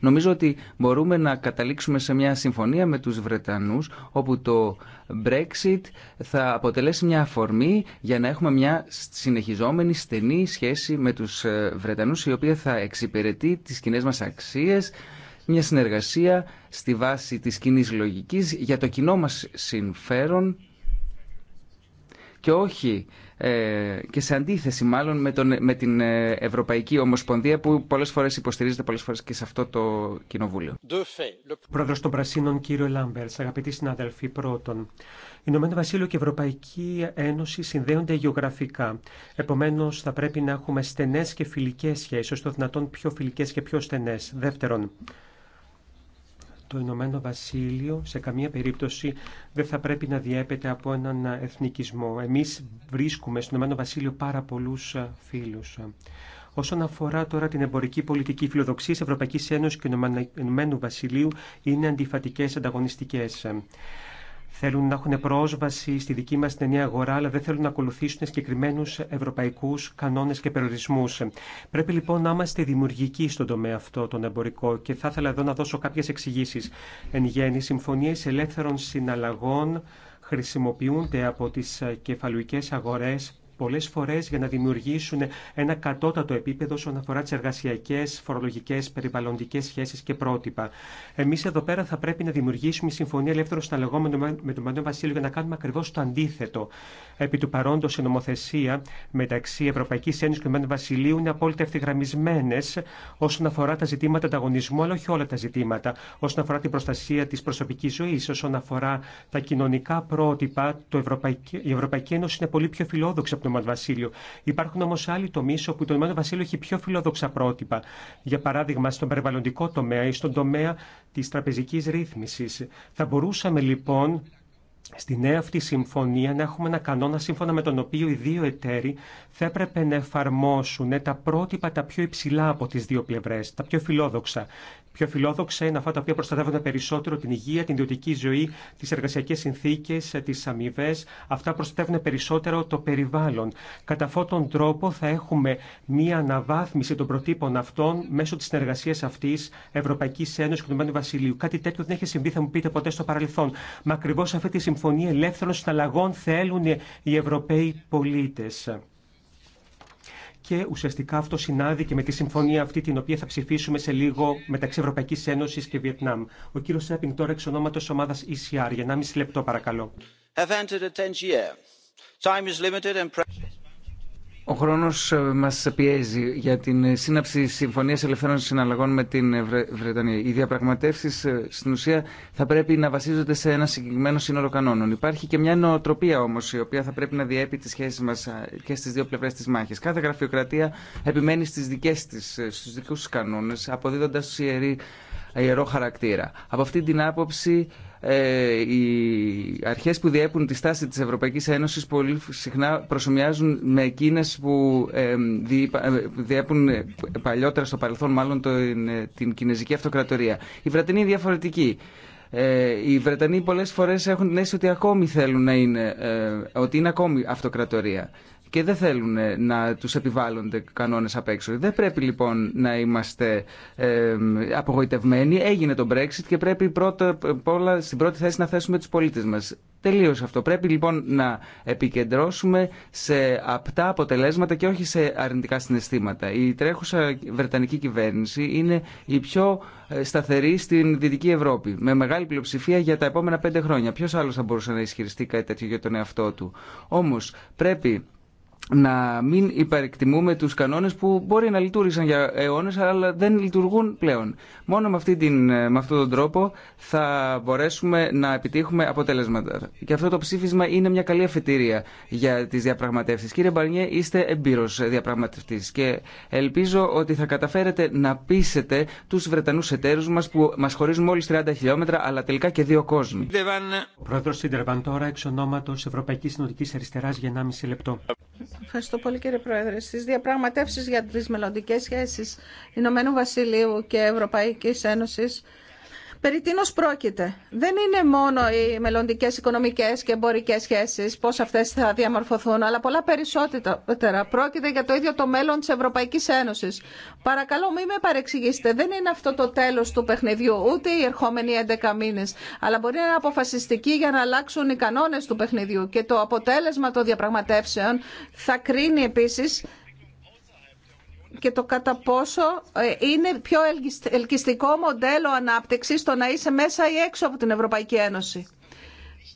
Νομίζω ότι μπορούμε να καταλήξουμε σε μια συμφωνία με τους Βρετανού, όπου το Brexit θα αποτελέσει μια αφορμή για να έχουμε μια συνεχιζόμενη στενή σχέση με του ε, Βρετανού, η οποία θα εξυπηρετεί τι κοινέ μα αξίε μια συνεργασία στη βάση της κοινή λογικής για το κοινό μας συμφέρον και όχι ε, και σε αντίθεση μάλλον με, τον, με την ε, Ευρωπαϊκή Ομοσπονδία που πολλές φορές υποστηρίζεται πολλές φορές και σε αυτό το κοινοβούλιο. Πρόεδρος των Πρασίνων κύριο Λάμπερς, αγαπητοί συνάδελφοι πρώτον. Ηνωμένο Βασίλειο και Ευρωπαϊκή Ένωση συνδέονται γεωγραφικά. Επομένω, θα πρέπει να έχουμε στενέ και φιλικέ σχέσει, όσο το δυνατόν πιο φιλικέ και πιο στενέ. Δεύτερον, το Ηνωμένο Βασίλειο σε καμία περίπτωση δεν θα πρέπει να διέπεται από έναν εθνικισμό. Εμείς βρίσκουμε στο Ηνωμένο Βασίλειο πάρα πολλούς ε, φίλους. Όσον αφορά τώρα την εμπορική πολιτική, φιλοδοξία Ευρωπαϊκής Ευρωπαϊκή Ένωση και Ηνωμένου Βασιλείου είναι αντιφατικέ, ανταγωνιστικέ. Θέλουν να έχουν πρόσβαση στη δική μας την αγορά, αλλά δεν θέλουν να ακολουθήσουν συγκεκριμένου ευρωπαϊκούς κανόνες και περιορισμούς. Πρέπει λοιπόν να είμαστε δημιουργικοί στον τομέα αυτό, τον εμπορικό, και θα ήθελα εδώ να δώσω κάποιες εξηγήσει. Εν γέννη, συμφωνίες ελεύθερων συναλλαγών χρησιμοποιούνται από τις κεφαλουικές αγορές πολλέ φορέ για να δημιουργήσουν ένα κατώτατο επίπεδο όσον αφορά τι εργασιακέ, φορολογικέ, περιβαλλοντικέ σχέσει και πρότυπα. Εμεί εδώ πέρα θα πρέπει να δημιουργήσουμε συμφωνία Ελεύθερο συναλλαγών με τον Μανέο Βασίλειο για να κάνουμε ακριβώ το αντίθετο. Επί του παρόντο, η νομοθεσία μεταξύ Ευρωπαϊκή Ένωση και Μανδέου Βασιλείου είναι απόλυτα ευθυγραμμισμένε όσον αφορά τα ζητήματα ανταγωνισμού, αλλά όχι όλα τα ζητήματα. Όσον αφορά την προστασία τη προσωπική ζωή, όσον αφορά τα κοινωνικά πρότυπα, το Ευρωπαϊκή... η Ευρωπαϊκή Ένωση είναι πολύ πιο φιλόδοξη Βασίλειο. Υπάρχουν όμω άλλοι τομεί όπου το νομόνιο Βασίλειο έχει πιο φιλόδοξα πρότυπα. Για παράδειγμα, στον περιβαλλοντικό τομέα ή στον τομέα τη τραπεζική ρύθμιση. Θα μπορούσαμε λοιπόν στη νέα αυτή συμφωνία να έχουμε ένα κανόνα σύμφωνα με τον οποίο οι δύο εταίροι θα έπρεπε να εφαρμόσουν τα πρότυπα τα πιο υψηλά από τις δύο πλευρές, τα πιο φιλόδοξα πιο φιλόδοξα είναι αυτά τα οποία προστατεύονται περισσότερο την υγεία, την ιδιωτική ζωή, τι εργασιακέ συνθήκε, τι αμοιβέ. Αυτά προστατεύουν περισσότερο το περιβάλλον. Κατά αυτόν τον τρόπο θα έχουμε μία αναβάθμιση των προτύπων αυτών μέσω τη συνεργασία αυτή Ευρωπαϊκή Ένωση και του Μένου Βασιλείου. Κάτι τέτοιο δεν έχει συμβεί, θα μου πείτε ποτέ στο παρελθόν. Μα ακριβώ αυτή τη συμφωνία ελεύθερων συναλλαγών θέλουν οι Ευρωπαίοι πολίτε και ουσιαστικά αυτό συνάδει και με τη συμφωνία αυτή την οποία θα ψηφίσουμε σε λίγο μεταξύ Ευρωπαϊκής Ένωσης και Βιετνάμ. Ο κύριος Σέπινγκ τώρα εξ ονόματος ομάδας ECR για 1,5 λεπτό παρακαλώ. Ο χρόνος ε, μας πιέζει για την ε, σύναψη συμφωνίας ελευθέρων συναλλαγών με την ε, Βρετανία. Οι διαπραγματεύσει στην ουσία θα πρέπει να βασίζονται σε ένα συγκεκριμένο σύνολο κανόνων. Υπάρχει και μια νοοτροπία όμως η οποία θα πρέπει να διέπει τι σχέσει μας και στι δύο πλευρές της μάχης. Κάθε γραφειοκρατία επιμένει στις δικές της, στους δικούς κανόνες αποδίδοντας ιερό χαρακτήρα. Από αυτή την άποψη ε, οι αρχές που διέπουν τη στάση της Ευρωπαϊκής Ένωση πολύ συχνά προσωμιάζουν με εκείνες που ε, ε, διέπουν παλιότερα στο παρελθόν μάλλον την Κινέζικη Αυτοκρατορία. Η Βρετανία είναι διαφορετική. Ε, οι Βρετανοί πολλές φορές έχουν την αίσθηση ότι ακόμη θέλουν να είναι, ε, ότι είναι ακόμη αυτοκρατορία και δεν θέλουν ε, να τους επιβάλλονται κανόνες απ' έξω. Δεν πρέπει λοιπόν να είμαστε ε, απογοητευμένοι. Έγινε το Brexit και πρέπει πρώτα στην πρώτη θέση να θέσουμε τους πολίτες μας. Τελείωσε αυτό. Πρέπει λοιπόν να επικεντρώσουμε σε απτά αποτελέσματα και όχι σε αρνητικά συναισθήματα. Η τρέχουσα Βρετανική κυβέρνηση είναι η πιο σταθερή στην Δυτική Ευρώπη. Με μεγάλη μεγάλη πλειοψηφία για τα επόμενα πέντε χρόνια. Ποιο άλλο θα μπορούσε να ισχυριστεί κάτι τέτοιο για τον εαυτό του. Όμω πρέπει να μην υπερεκτιμούμε του κανόνε που μπορεί να λειτουργήσαν για αιώνε, αλλά δεν λειτουργούν πλέον. Μόνο με, αυτή την, με αυτόν τον τρόπο θα μπορέσουμε να επιτύχουμε αποτελέσματα. Και αυτό το ψήφισμα είναι μια καλή αφετηρία για τι διαπραγματεύσει. Κύριε Μπαρνιέ, είστε εμπειρό διαπραγματεύτη. και ελπίζω ότι θα καταφέρετε να πείσετε τους Βρετανούς εταίρου μα που μα χωρίζουν μόλις 30 χιλιόμετρα αλλά τελικά και δύο κόσμοι. Ο πρόεδρος Σίντερβαν τώρα εξ ονόματο Ευρωπαϊκή Συνοδική Αριστερά για 1,5 λεπτό. Ευχαριστώ πολύ κύριε Πρόεδρε. Στι διαπραγματεύσει για τι μελλοντικέ σχέσει Ηνωμένου Βασιλείου και Ευρωπαϊκή Ένωση Περί τίνος πρόκειται. Δεν είναι μόνο οι μελλοντικέ οικονομικές και εμπορικές σχέσεις, πώς αυτές θα διαμορφωθούν, αλλά πολλά περισσότερα. Πρόκειται για το ίδιο το μέλλον της Ευρωπαϊκής Ένωσης. Παρακαλώ μην με παρεξηγήσετε. Δεν είναι αυτό το τέλος του παιχνιδιού, ούτε οι ερχόμενοι 11 μήνες, αλλά μπορεί να είναι αποφασιστική για να αλλάξουν οι κανόνες του παιχνιδιού. Και το αποτέλεσμα των διαπραγματεύσεων θα κρίνει επίσης και το κατά πόσο ε, είναι πιο ελκυστικό μοντέλο ανάπτυξης το να είσαι μέσα ή έξω από την Ευρωπαϊκή Ένωση.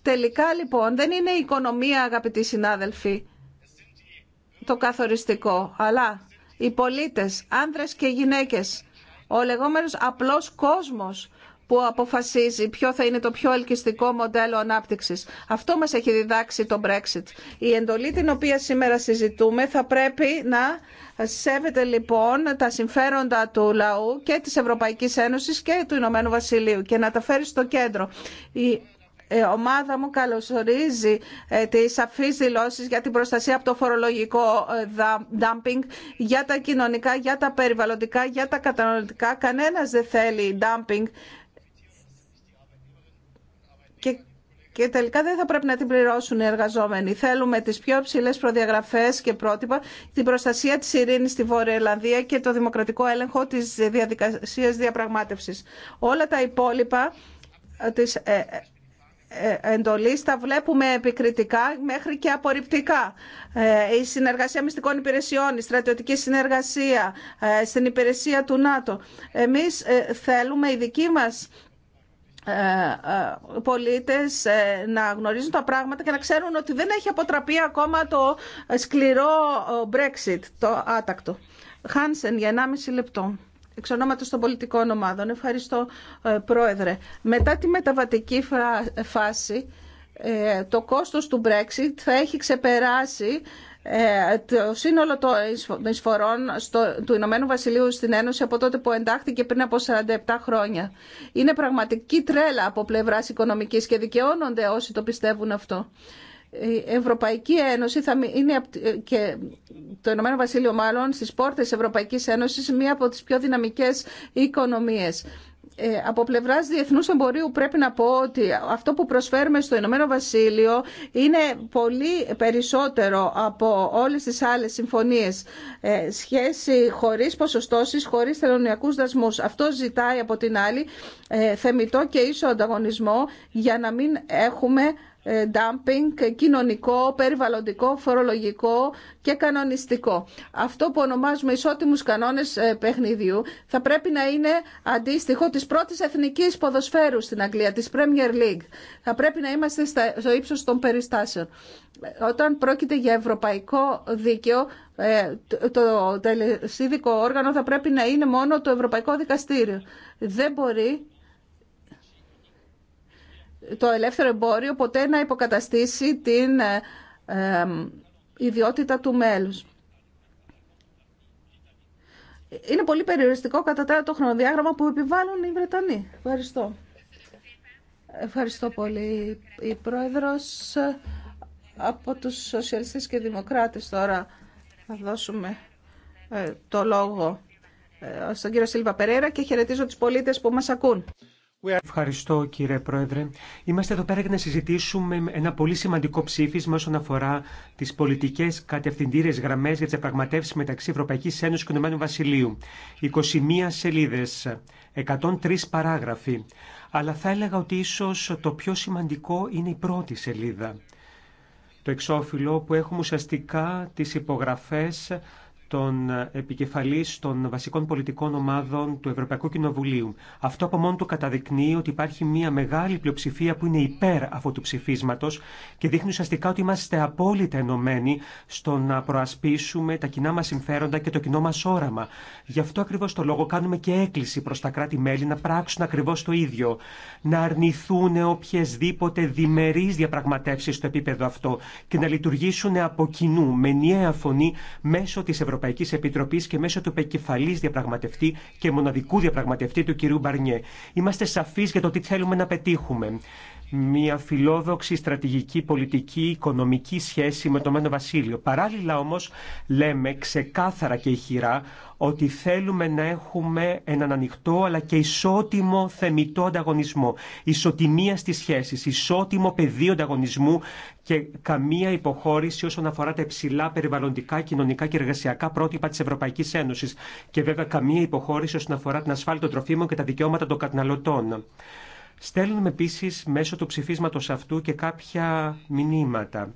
Τελικά λοιπόν δεν είναι η οικονομία αγαπητοί συνάδελφοι το καθοριστικό, αλλά οι πολίτες, άνδρες και γυναίκες, ο λεγόμενος απλός κόσμος που αποφασίζει ποιο θα είναι το πιο ελκυστικό μοντέλο ανάπτυξη. Αυτό μας έχει διδάξει το Brexit. Η εντολή την οποία σήμερα συζητούμε θα πρέπει να σέβεται λοιπόν τα συμφέροντα του λαού και της Ευρωπαϊκής Ένωσης και του Ηνωμένου Βασιλείου και να τα φέρει στο κέντρο. Η ε, ομάδα μου καλωσορίζει ε, τις σαφεί δηλώσει για την προστασία από το φορολογικό ε, dumping, για τα κοινωνικά, για τα περιβαλλοντικά, για τα κατανοητικά. Κανένα δεν θέλει dumping και τελικά δεν θα πρέπει να την πληρώσουν οι εργαζόμενοι. Θέλουμε τις πιο ψηλέ προδιαγραφές και πρότυπα, την προστασία της ειρήνης στη Βόρεια Ελλανδία και το δημοκρατικό έλεγχο της διαδικασίας διαπραγμάτευσης. Όλα τα υπόλοιπα ε, της ε, ε, εντολής τα βλέπουμε επικριτικά μέχρι και απορριπτικά. Η συνεργασία μυστικών υπηρεσιών, η στρατιωτική συνεργασία στην υπηρεσία του ΝΑΤΟ. Εμείς θέλουμε η δική μας ε, ε, πολίτες ε, να γνωρίζουν τα πράγματα και να ξέρουν ότι δεν έχει αποτραπεί ακόμα το σκληρό Brexit, το άτακτο. Χάνσεν για 1,5 λεπτό. Εξ ονόματος των πολιτικών ομάδων. Ευχαριστώ, Πρόεδρε. Μετά τη μεταβατική φάση, το κόστος του Brexit θα έχει ξεπεράσει ε, το σύνολο των εισφορών του Ηνωμένου Βασιλείου στην Ένωση από τότε που εντάχθηκε πριν από 47 χρόνια. Είναι πραγματική τρέλα από πλευράς οικονομικής και δικαιώνονται όσοι το πιστεύουν αυτό. Η Ευρωπαϊκή Ένωση θα είναι και το Ηνωμένο Βασίλειο μάλλον στις πόρτες Ευρωπαϊκής Ένωσης μία από τις πιο δυναμικές οικονομίες. Ε, από πλευρά διεθνού εμπορίου πρέπει να πω ότι αυτό που προσφέρουμε στο Ηνωμένο Βασίλειο είναι πολύ περισσότερο από όλες τις άλλες συμφωνίες. Ε, σχέση χωρίς ποσοστώσεις, χωρίς θελωνιακούς δασμούς. Αυτό ζητάει από την άλλη ε, θεμητό και ίσο ανταγωνισμό για να μην έχουμε ε, dumping κοινωνικό, περιβαλλοντικό, φορολογικό και κανονιστικό. Αυτό που ονομάζουμε ισότιμους κανόνες ε, παιχνιδιού θα πρέπει να είναι αντίστοιχο της πρώτης εθνικής ποδοσφαίρου στην Αγγλία, της Premier League. Θα πρέπει να είμαστε στο ύψος των περιστάσεων. Όταν πρόκειται για ευρωπαϊκό δίκαιο, ε, το τελεσίδικο όργανο θα πρέπει να είναι μόνο το Ευρωπαϊκό Δικαστήριο. Δεν μπορεί το ελεύθερο εμπόριο ποτέ να υποκαταστήσει την ε, ιδιότητα του μέλους. Είναι πολύ περιοριστικό κατά τέτοιο το χρονοδιάγραμμα που επιβάλλουν οι Βρετανοί. Ευχαριστώ. Ευχαριστώ πολύ η Πρόεδρος. Από τους Σοσιαλιστές και Δημοκράτες τώρα θα δώσουμε ε, το λόγο ε, στον κύριο Σίλβα Περέρα και χαιρετίζω τους πολίτες που μας ακούν. Ευχαριστώ κύριε Πρόεδρε. Είμαστε εδώ πέρα για να συζητήσουμε ένα πολύ σημαντικό ψήφισμα όσον αφορά τι πολιτικέ κατευθυντήριε γραμμέ για τι διαπραγματεύσει μεταξύ Ευρωπαϊκή Ένωση και Ηνωμένου Βασιλείου. 21 σελίδε, 103 παράγραφοι. Αλλά θα έλεγα ότι ίσω το πιο σημαντικό είναι η πρώτη σελίδα. Το εξώφυλλο που έχουμε ουσιαστικά τι υπογραφέ των επικεφαλής των βασικών πολιτικών ομάδων του Ευρωπαϊκού Κοινοβουλίου. Αυτό από μόνο του καταδεικνύει ότι υπάρχει μια μεγάλη πλειοψηφία που είναι υπέρ αυτού του ψηφίσματος και δείχνει ουσιαστικά ότι είμαστε απόλυτα ενωμένοι στο να προασπίσουμε τα κοινά μας συμφέροντα και το κοινό μας όραμα. Γι' αυτό ακριβώς το λόγο κάνουμε και έκκληση προς τα κράτη-μέλη να πράξουν ακριβώς το ίδιο. Να αρνηθούν οποιασδήποτε διμερείς διαπραγματεύσεις στο επίπεδο αυτό και να λειτουργήσουν από κοινού με νέα φωνή μέσω της Ευρωπαϊκής Ευρωπαϊκή Επιτροπή και μέσω του επικεφαλή διαπραγματευτή και μοναδικού διαπραγματευτή του κυρίου Μπαρνιέ. Είμαστε σαφεί για το τι θέλουμε να πετύχουμε μια φιλόδοξη στρατηγική πολιτική οικονομική σχέση με το Μένο Βασίλειο. Παράλληλα όμως λέμε ξεκάθαρα και ηχηρά ότι θέλουμε να έχουμε έναν ανοιχτό αλλά και ισότιμο θεμητό ανταγωνισμό, ισοτιμία στις σχέσεις, ισότιμο πεδίο ανταγωνισμού και καμία υποχώρηση όσον αφορά τα υψηλά περιβαλλοντικά, κοινωνικά και εργασιακά πρότυπα της Ευρωπαϊκής Ένωσης και βέβαια καμία υποχώρηση όσον αφορά την ασφάλεια των τροφίμων και τα δικαιώματα των καταναλωτών. Στέλνουμε επίση μέσω του ψηφίσματος αυτού και κάποια μηνύματα.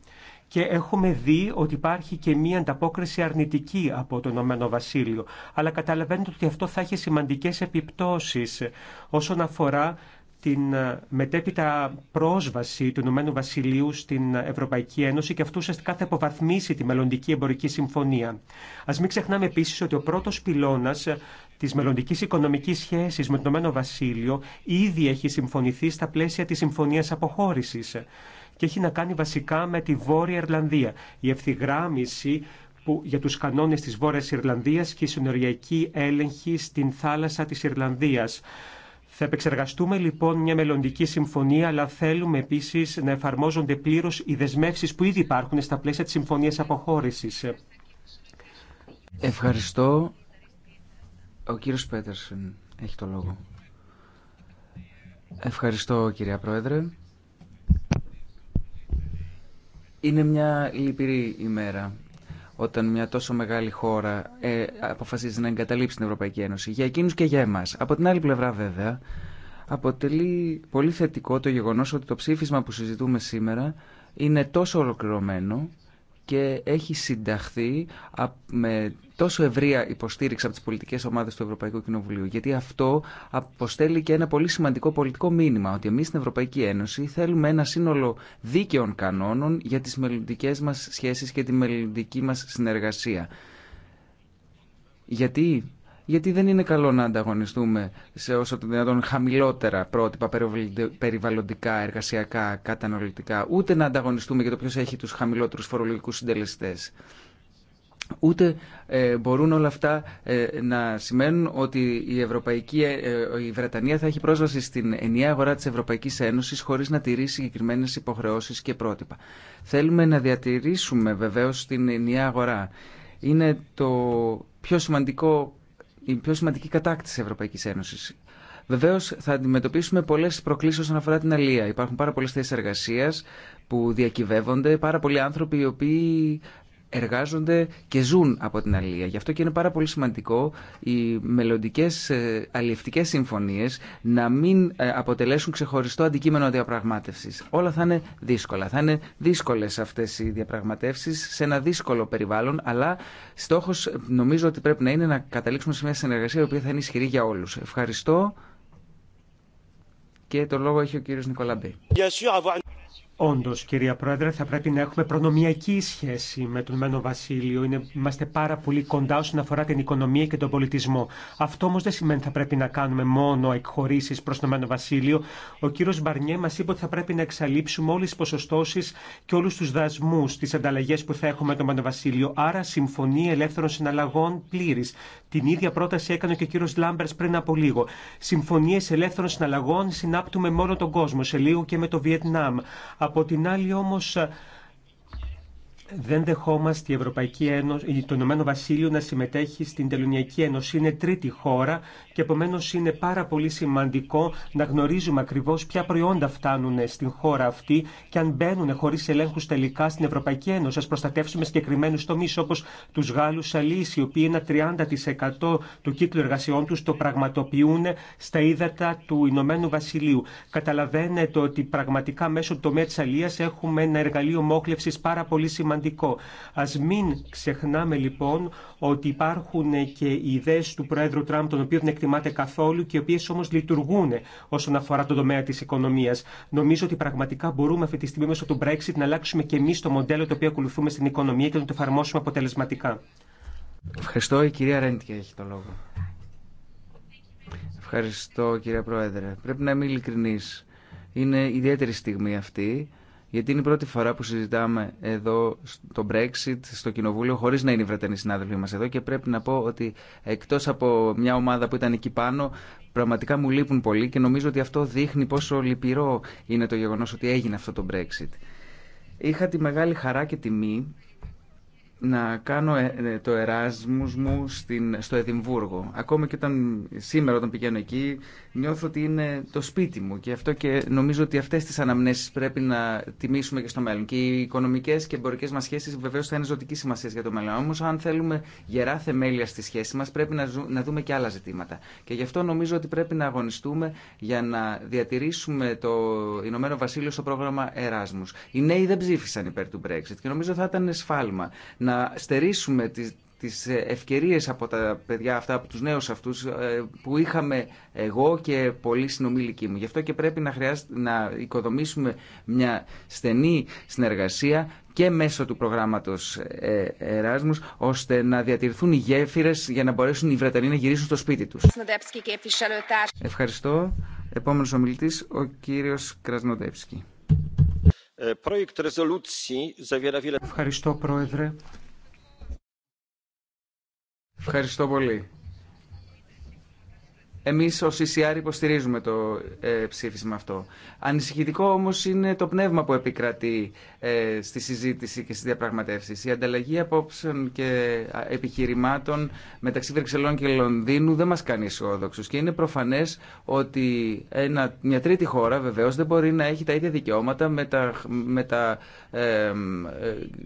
Και έχουμε δει ότι υπάρχει και μία ανταπόκριση αρνητική από το Ηνωμένο Βασίλειο. Αλλά καταλαβαίνετε ότι αυτό θα έχει σημαντικές επιπτώσεις όσον αφορά την ε, μετέπειτα πρόσβαση του Ηνωμένου Βασιλείου στην Ευρωπαϊκή Ένωση και αυτό ουσιαστικά θα υποβαθμίσει τη μελλοντική εμπορική συμφωνία. Α μην ξεχνάμε επίση ότι ο πρώτο πυλώνα ε, τη μελλοντική οικονομική σχέση με το Ηνωμένο Βασίλειο ήδη έχει συμφωνηθεί στα πλαίσια τη Συμφωνία Αποχώρηση ε, και έχει να κάνει βασικά με τη Βόρεια Ιρλανδία. Η ευθυγράμμιση που, για τους κανόνες της Βόρειας Ιρλανδίας και η συνοριακή έλεγχη στην θάλασσα της Ιρλανδίας. Θα επεξεργαστούμε λοιπόν μια μελλοντική συμφωνία, αλλά θέλουμε επίση να εφαρμόζονται πλήρω οι δεσμεύσει που ήδη υπάρχουν στα πλαίσια τη συμφωνία αποχώρηση. Ευχαριστώ. Ο κύριο Πέτερσεν έχει το λόγο. Ευχαριστώ κυρία Πρόεδρε. Είναι μια λυπηρή ημέρα όταν μια τόσο μεγάλη χώρα ε, αποφασίζει να εγκαταλείψει την Ευρωπαϊκή Ένωση. Για εκείνους και για εμάς. Από την άλλη πλευρά βέβαια, αποτελεί πολύ θετικό το γεγονός ότι το ψήφισμα που συζητούμε σήμερα είναι τόσο ολοκληρωμένο και έχει συνταχθεί με τόσο ευρεία υποστήριξη από τις πολιτικές ομάδες του Ευρωπαϊκού Κοινοβουλίου. Γιατί αυτό αποστέλει και ένα πολύ σημαντικό πολιτικό μήνυμα, ότι εμείς στην Ευρωπαϊκή Ένωση θέλουμε ένα σύνολο δίκαιων κανόνων για τις μελλοντικέ μας σχέσεις και τη μελλοντική μας συνεργασία. Γιατί γιατί δεν είναι καλό να ανταγωνιστούμε σε όσο το δυνατόν χαμηλότερα πρότυπα περιβαλλοντικά, εργασιακά, καταναλωτικά, ούτε να ανταγωνιστούμε για το ποιο έχει του χαμηλότερου φορολογικού συντελεστές. Ούτε ε, μπορούν όλα αυτά ε, να σημαίνουν ότι η, Ευρωπαϊκή, ε, ε, η Βρετανία θα έχει πρόσβαση στην ενιαία αγορά της Ευρωπαϊκής Ένωσης χωρίς να τηρεί συγκεκριμένε υποχρεώσεις και πρότυπα. Θέλουμε να διατηρήσουμε βεβαίως την ενιαία αγορά. Είναι το πιο σημαντικό η πιο σημαντική κατάκτηση της Ευρωπαϊκής Ένωσης. Βεβαίω, θα αντιμετωπίσουμε πολλέ προκλήσει όσον αφορά την αλεία. Υπάρχουν πάρα πολλέ θέσει εργασία που διακυβεύονται, πάρα πολλοί άνθρωποι οι οποίοι εργάζονται και ζουν από την αλληλεία. Γι' αυτό και είναι πάρα πολύ σημαντικό οι μελλοντικέ ε, αλληλευτικές συμφωνίες να μην ε, αποτελέσουν ξεχωριστό αντικείμενο διαπραγμάτευσης. Όλα θα είναι δύσκολα. Θα είναι δύσκολε αυτές οι διαπραγματεύσεις σε ένα δύσκολο περιβάλλον, αλλά στόχο ε, νομίζω ότι πρέπει να είναι να καταλήξουμε σε μια συνεργασία η οποία θα είναι ισχυρή για όλου. Ευχαριστώ. Και το λόγο έχει ο κύριος Νικολαμπή. Όντω, κυρία Πρόεδρε, θα πρέπει να έχουμε προνομιακή σχέση με τον Μένο Βασίλειο. Είναι, είμαστε πάρα πολύ κοντά όσον αφορά την οικονομία και τον πολιτισμό. Αυτό όμω δεν σημαίνει ότι θα πρέπει να κάνουμε μόνο εκχωρήσει προ τον Μένο Βασίλειο. Ο κύριο Μπαρνιέ μα είπε ότι θα πρέπει να εξαλείψουμε όλε τι ποσοστώσει και όλου του δασμού, τι ανταλλαγέ που θα έχουμε με τον Μένο Βασίλειο. Άρα, συμφωνία ελεύθερων συναλλαγών πλήρη. Την ίδια πρόταση έκανε και ο κύριο Λάμπερ πριν από λίγο. Συμφωνίε ελεύθερων συναλλαγών συνάπτουμε μόνο τον κόσμο, σε λίγο και με το Βιετνάμ. Από την άλλη όμως δεν δεχόμαστε η Ευρωπαϊκή Ένωση, το Ηνωμένο Βασίλειο να συμμετέχει στην Τελωνιακή Ένωση. Είναι τρίτη χώρα και επομένω είναι πάρα πολύ σημαντικό να γνωρίζουμε ακριβώ ποια προϊόντα φτάνουν στην χώρα αυτή και αν μπαίνουν χωρί ελέγχου τελικά στην Ευρωπαϊκή Ένωση. Α προστατεύσουμε συγκεκριμένου τομεί όπω του Γάλλου Αλεί, οι οποίοι ένα 30% του κύκλου εργασιών του το πραγματοποιούν στα ύδατα του Ηνωμένου Βασιλείου. Καταλαβαίνετε ότι πραγματικά μέσω του τομέα τη έχουμε ένα εργαλείο μόχλευση πάρα πολύ σημαντικό σημαντικό. Ας μην ξεχνάμε λοιπόν ότι υπάρχουν και οι ιδέες του Πρόεδρου Τραμπ, τον οποίο δεν εκτιμάται καθόλου και οι οποίες όμως λειτουργούν όσον αφορά το τομέα της οικονομίας. Νομίζω ότι πραγματικά μπορούμε αυτή τη στιγμή μέσω του Brexit να αλλάξουμε και εμείς το μοντέλο το οποίο ακολουθούμε στην οικονομία και να το εφαρμόσουμε αποτελεσματικά. Ευχαριστώ. Η κυρία Ρέντια έχει το λόγο. Ευχαριστώ κύριε Πρόεδρε. Πρέπει να είμαι ειλικρινής. Είναι ιδιαίτερη στιγμή αυτή γιατί είναι η πρώτη φορά που συζητάμε εδώ στο Brexit στο Κοινοβούλιο χωρίς να είναι οι Βρετανοί συνάδελφοί μας εδώ και πρέπει να πω ότι εκτός από μια ομάδα που ήταν εκεί πάνω πραγματικά μου λείπουν πολύ και νομίζω ότι αυτό δείχνει πόσο λυπηρό είναι το γεγονός ότι έγινε αυτό το Brexit. Είχα τη μεγάλη χαρά και τιμή να κάνω ε, ε, το εράσμους μου στην, στο Εδιμβούργο. Ακόμα και όταν, σήμερα όταν πηγαίνω εκεί νιώθω ότι είναι το σπίτι μου και αυτό και νομίζω ότι αυτές τις αναμνήσεις πρέπει να τιμήσουμε και στο μέλλον. Και οι οικονομικές και εμπορικέ μας σχέσεις βεβαίως θα είναι ζωτική σημασία για το μέλλον. Όμως αν θέλουμε γερά θεμέλια στη σχέση μας πρέπει να, να δούμε και άλλα ζητήματα. Και γι' αυτό νομίζω ότι πρέπει να αγωνιστούμε για να διατηρήσουμε το Ηνωμένο Βασίλειο στο πρόγραμμα Εράσμους. Οι νέοι δεν ψήφισαν υπέρ του Brexit και νομίζω θα ήταν σφάλμα να να στερήσουμε τις, τις ευκαιρίες από τα παιδιά αυτά, από τους νέους αυτούς ε, που είχαμε εγώ και πολλοί συνομήλικοί μου. Γι' αυτό και πρέπει να, χρειάζεται, να οικοδομήσουμε μια στενή συνεργασία και μέσω του προγράμματος ε, Εράσμους, ώστε να διατηρηθούν οι γέφυρες για να μπορέσουν οι Βρετανοί να γυρίσουν στο σπίτι τους. Ευχαριστώ. Επόμενος ομιλητής, ο κύριος Κρασνοντεύσκη. Ε, Ευχαριστώ, Πρόεδρε. Ευχαριστώ πολύ. Εμείς ως CCR υποστηρίζουμε το ε, ψήφισμα αυτό. Ανησυχητικό όμως είναι το πνεύμα που επικρατεί ε, στη συζήτηση και στι διαπραγματεύσει. Η ανταλλαγή απόψεων και επιχειρημάτων μεταξύ Βρυξελών και Λονδίνου δεν μας κάνει αισιόδοξου. και είναι προφανές ότι ένα, μια τρίτη χώρα βεβαίως δεν μπορεί να έχει τα ίδια δικαιώματα με τα, με τα ε,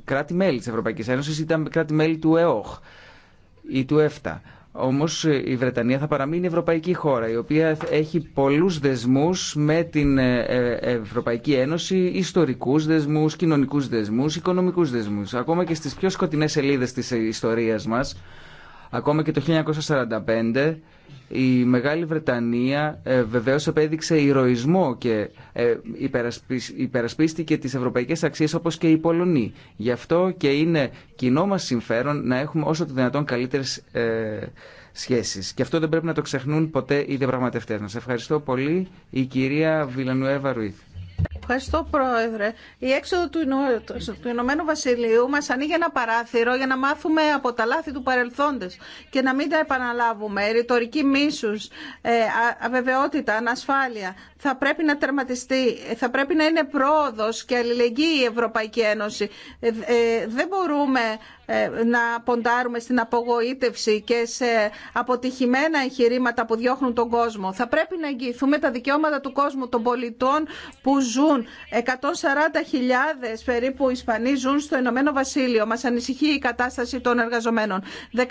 κράτη-μέλη της Ευρωπαϊκής Ένωσης ή τα κράτη-μέλη του ΕΟΧ ή του ΕΦΤΑ. Όμως ε, η Βρετανία θα παραμείνει ευρωπαϊκή χώρα, η οποία έχει πολλούς δεσμούς με την ε, ε, Ευρωπαϊκή Ένωση, ιστορικούς δεσμούς, κοινωνικούς δεσμούς, οικονομικούς δεσμούς. Ακόμα και στις πιο σκοτεινές σελίδε της ιστορίας μας, Ακόμα και το 1945 η Μεγάλη Βρετανία ε, βεβαίως επέδειξε ηρωισμό και ε, υπερασπίστηκε τις ευρωπαϊκές αξίες όπως και η Πολωνοί. Γι' αυτό και είναι κοινό μας συμφέρον να έχουμε όσο το δυνατόν καλύτερες ε, σχέσεις. Και αυτό δεν πρέπει να το ξεχνούν ποτέ οι διαπραγματευτές μας. Ευχαριστώ πολύ η κυρία Βιλανουέβα Ρουίθ. Ευχαριστώ, Πρόεδρε. Η έξοδο του, Ινω... του Ηνωμένου Βασιλείου μα ανοίγει ένα παράθυρο για να μάθουμε από τα λάθη του παρελθόντε και να μην τα επαναλάβουμε. Ρητορική μίσου, ε, αβεβαιότητα, ανασφάλεια. Θα πρέπει να τερματιστεί. Θα πρέπει να είναι πρόοδο και αλληλεγγύη η Ευρωπαϊκή Ένωση. Ε, ε, δεν μπορούμε να ποντάρουμε στην απογοήτευση και σε αποτυχημένα εγχειρήματα που διώχνουν τον κόσμο. Θα πρέπει να εγγυηθούμε τα δικαιώματα του κόσμου, των πολιτών που ζουν 140.000 περίπου Ισπανοί ζουν στο Ηνωμένο Βασίλειο. Μα ανησυχεί η κατάσταση των εργαζομένων. 15.000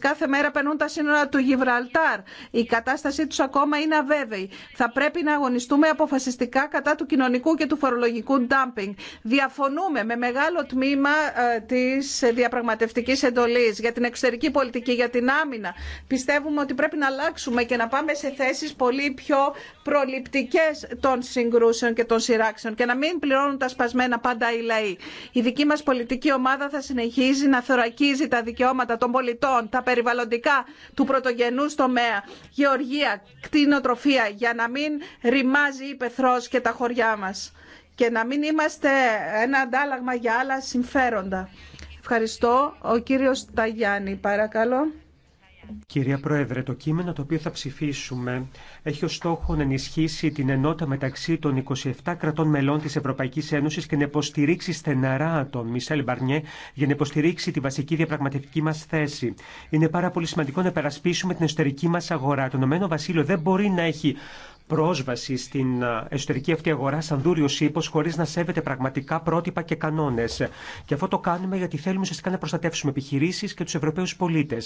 κάθε μέρα περνούν τα σύνορα του Γιβραλτάρ. Η κατάστασή του ακόμα είναι αβέβαιη. Θα πρέπει να αγωνιστούμε αποφασιστικά κατά του κοινωνικού και του φορολογικού ντάμπινγκ. Διαφωνούμε με μεγάλο τμήμα ε, τη διαπραγματευτική εντολή για την εξωτερική πολιτική, για την άμυνα. Πιστεύουμε ότι πρέπει να αλλάξουμε και να πάμε σε θέσει πολύ πιο προληπτικέ των συγκρούσεων και των σειράξεων και να μην πληρώνουν τα σπασμένα πάντα οι λαοί. Η δική μα πολιτική ομάδα θα συνεχίζει να θωρακίζει τα δικαιώματα των πολιτών, τα περιβαλλοντικά του πρωτογενού τομέα, γεωργία, κτηνοτροφία, για να μην ρημάζει η πεθρό και τα χωριά μα. και να μην είμαστε ένα αντάλλαγμα για άλλα συμφέροντα. Ευχαριστώ. Ο κύριος Ταγιάννη, παρακαλώ. Κυρία Πρόεδρε, το κείμενο το οποίο θα ψηφίσουμε έχει ως στόχο να ενισχύσει την ενότητα μεταξύ των 27 κρατών μελών της Ευρωπαϊκής Ένωσης και να υποστηρίξει στεναρά τον Μισελ Μπαρνιέ για να υποστηρίξει τη βασική διαπραγματευτική μας θέση. Είναι πάρα πολύ σημαντικό να περασπίσουμε την εσωτερική μας αγορά. Το Ηνωμένο Βασίλειο δεν μπορεί να έχει πρόσβαση στην εσωτερική αυτή αγορά σαν δούριο ύπο χωρί να σέβεται πραγματικά πρότυπα και κανόνε. Και αυτό το κάνουμε γιατί θέλουμε ουσιαστικά να προστατεύσουμε επιχειρήσει και του Ευρωπαίου πολίτε.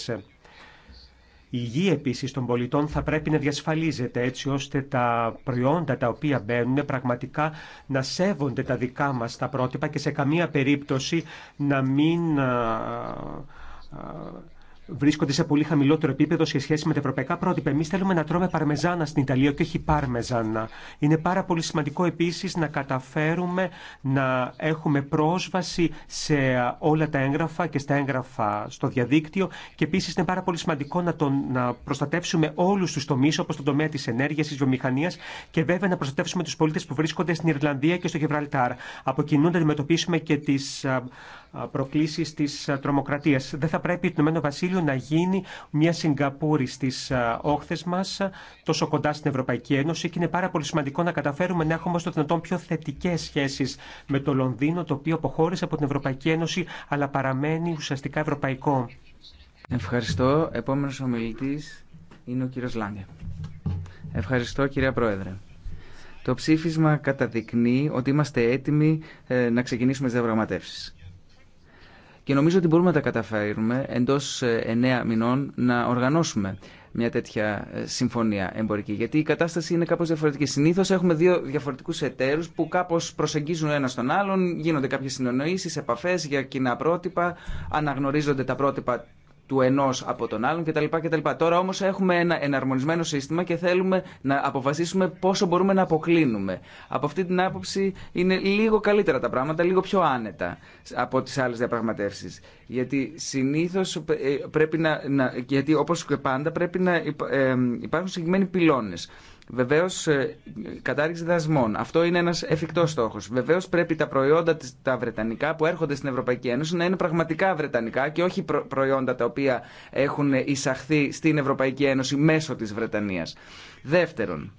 Η υγεία επίση των πολιτών θα πρέπει να διασφαλίζεται έτσι ώστε τα προϊόντα τα οποία μπαίνουν πραγματικά να σέβονται τα δικά μα τα πρότυπα και σε καμία περίπτωση να μην βρίσκονται σε πολύ χαμηλότερο επίπεδο σε σχέση με τα ευρωπαϊκά πρότυπα. Εμεί θέλουμε να τρώμε παρμεζάνα στην Ιταλία και όχι πάρμεζανα. Είναι πάρα πολύ σημαντικό επίση να καταφέρουμε να έχουμε πρόσβαση σε όλα τα έγγραφα και στα έγγραφα στο διαδίκτυο και επίση είναι πάρα πολύ σημαντικό να, τον, να προστατεύσουμε όλου του τομεί όπω τον τομέα τη ενέργεια, τη βιομηχανία και βέβαια να προστατεύσουμε του πολίτε που βρίσκονται στην Ιρλανδία και στο Γεβραλτάρ. Από κοινού να αντιμετωπίσουμε και τι προκλήσει τη τρομοκρατία. Δεν θα πρέπει το Ηνωμένο να γίνει μια Σιγκαπούρη στι όχθε μα, τόσο κοντά στην Ευρωπαϊκή Ένωση και είναι πάρα πολύ σημαντικό να καταφέρουμε να έχουμε το δυνατόν πιο θετικέ σχέσει με το Λονδίνο, το οποίο αποχώρησε από την Ευρωπαϊκή Ένωση, αλλά παραμένει ουσιαστικά ευρωπαϊκό. Ευχαριστώ. Επόμενος ομιλητής είναι ο κύριο Λάγκε. Ευχαριστώ κυρία Πρόεδρε. Το ψήφισμα καταδεικνύει ότι είμαστε έτοιμοι ε, να ξεκινήσουμε τι διαπραγματεύσει. Και νομίζω ότι μπορούμε να τα καταφέρουμε εντός ε, εννέα μηνών να οργανώσουμε μια τέτοια ε, συμφωνία εμπορική. Γιατί η κατάσταση είναι κάπως διαφορετική. Συνήθω έχουμε δύο διαφορετικούς εταίρους που κάπως προσεγγίζουν ένα τον άλλον, γίνονται κάποιες συνονοήσεις, επαφέ για κοινά πρότυπα, αναγνωρίζονται τα πρότυπα του ενό από τον άλλον κτλ. κτλ. Τώρα όμω έχουμε ένα εναρμονισμένο σύστημα και θέλουμε να αποφασίσουμε πόσο μπορούμε να αποκλίνουμε. Από αυτή την άποψη είναι λίγο καλύτερα τα πράγματα, λίγο πιο άνετα από τι άλλε διαπραγματεύσει. Γιατί συνήθω ε, πρέπει να, Γιατί όπω και πάντα πρέπει να ε, ε, υπάρχουν συγκεκριμένοι πυλώνε. Βεβαίω, ε, κατάργηση δασμών. Αυτό είναι ένα εφικτό στόχο. Βεβαίω, πρέπει τα προϊόντα τα βρετανικά που έρχονται στην Ευρωπαϊκή Ένωση να είναι πραγματικά βρετανικά και όχι προϊόντα τα οποία έχουν εισαχθεί στην Ευρωπαϊκή Ένωση μέσω τη Βρετανία. Δεύτερον,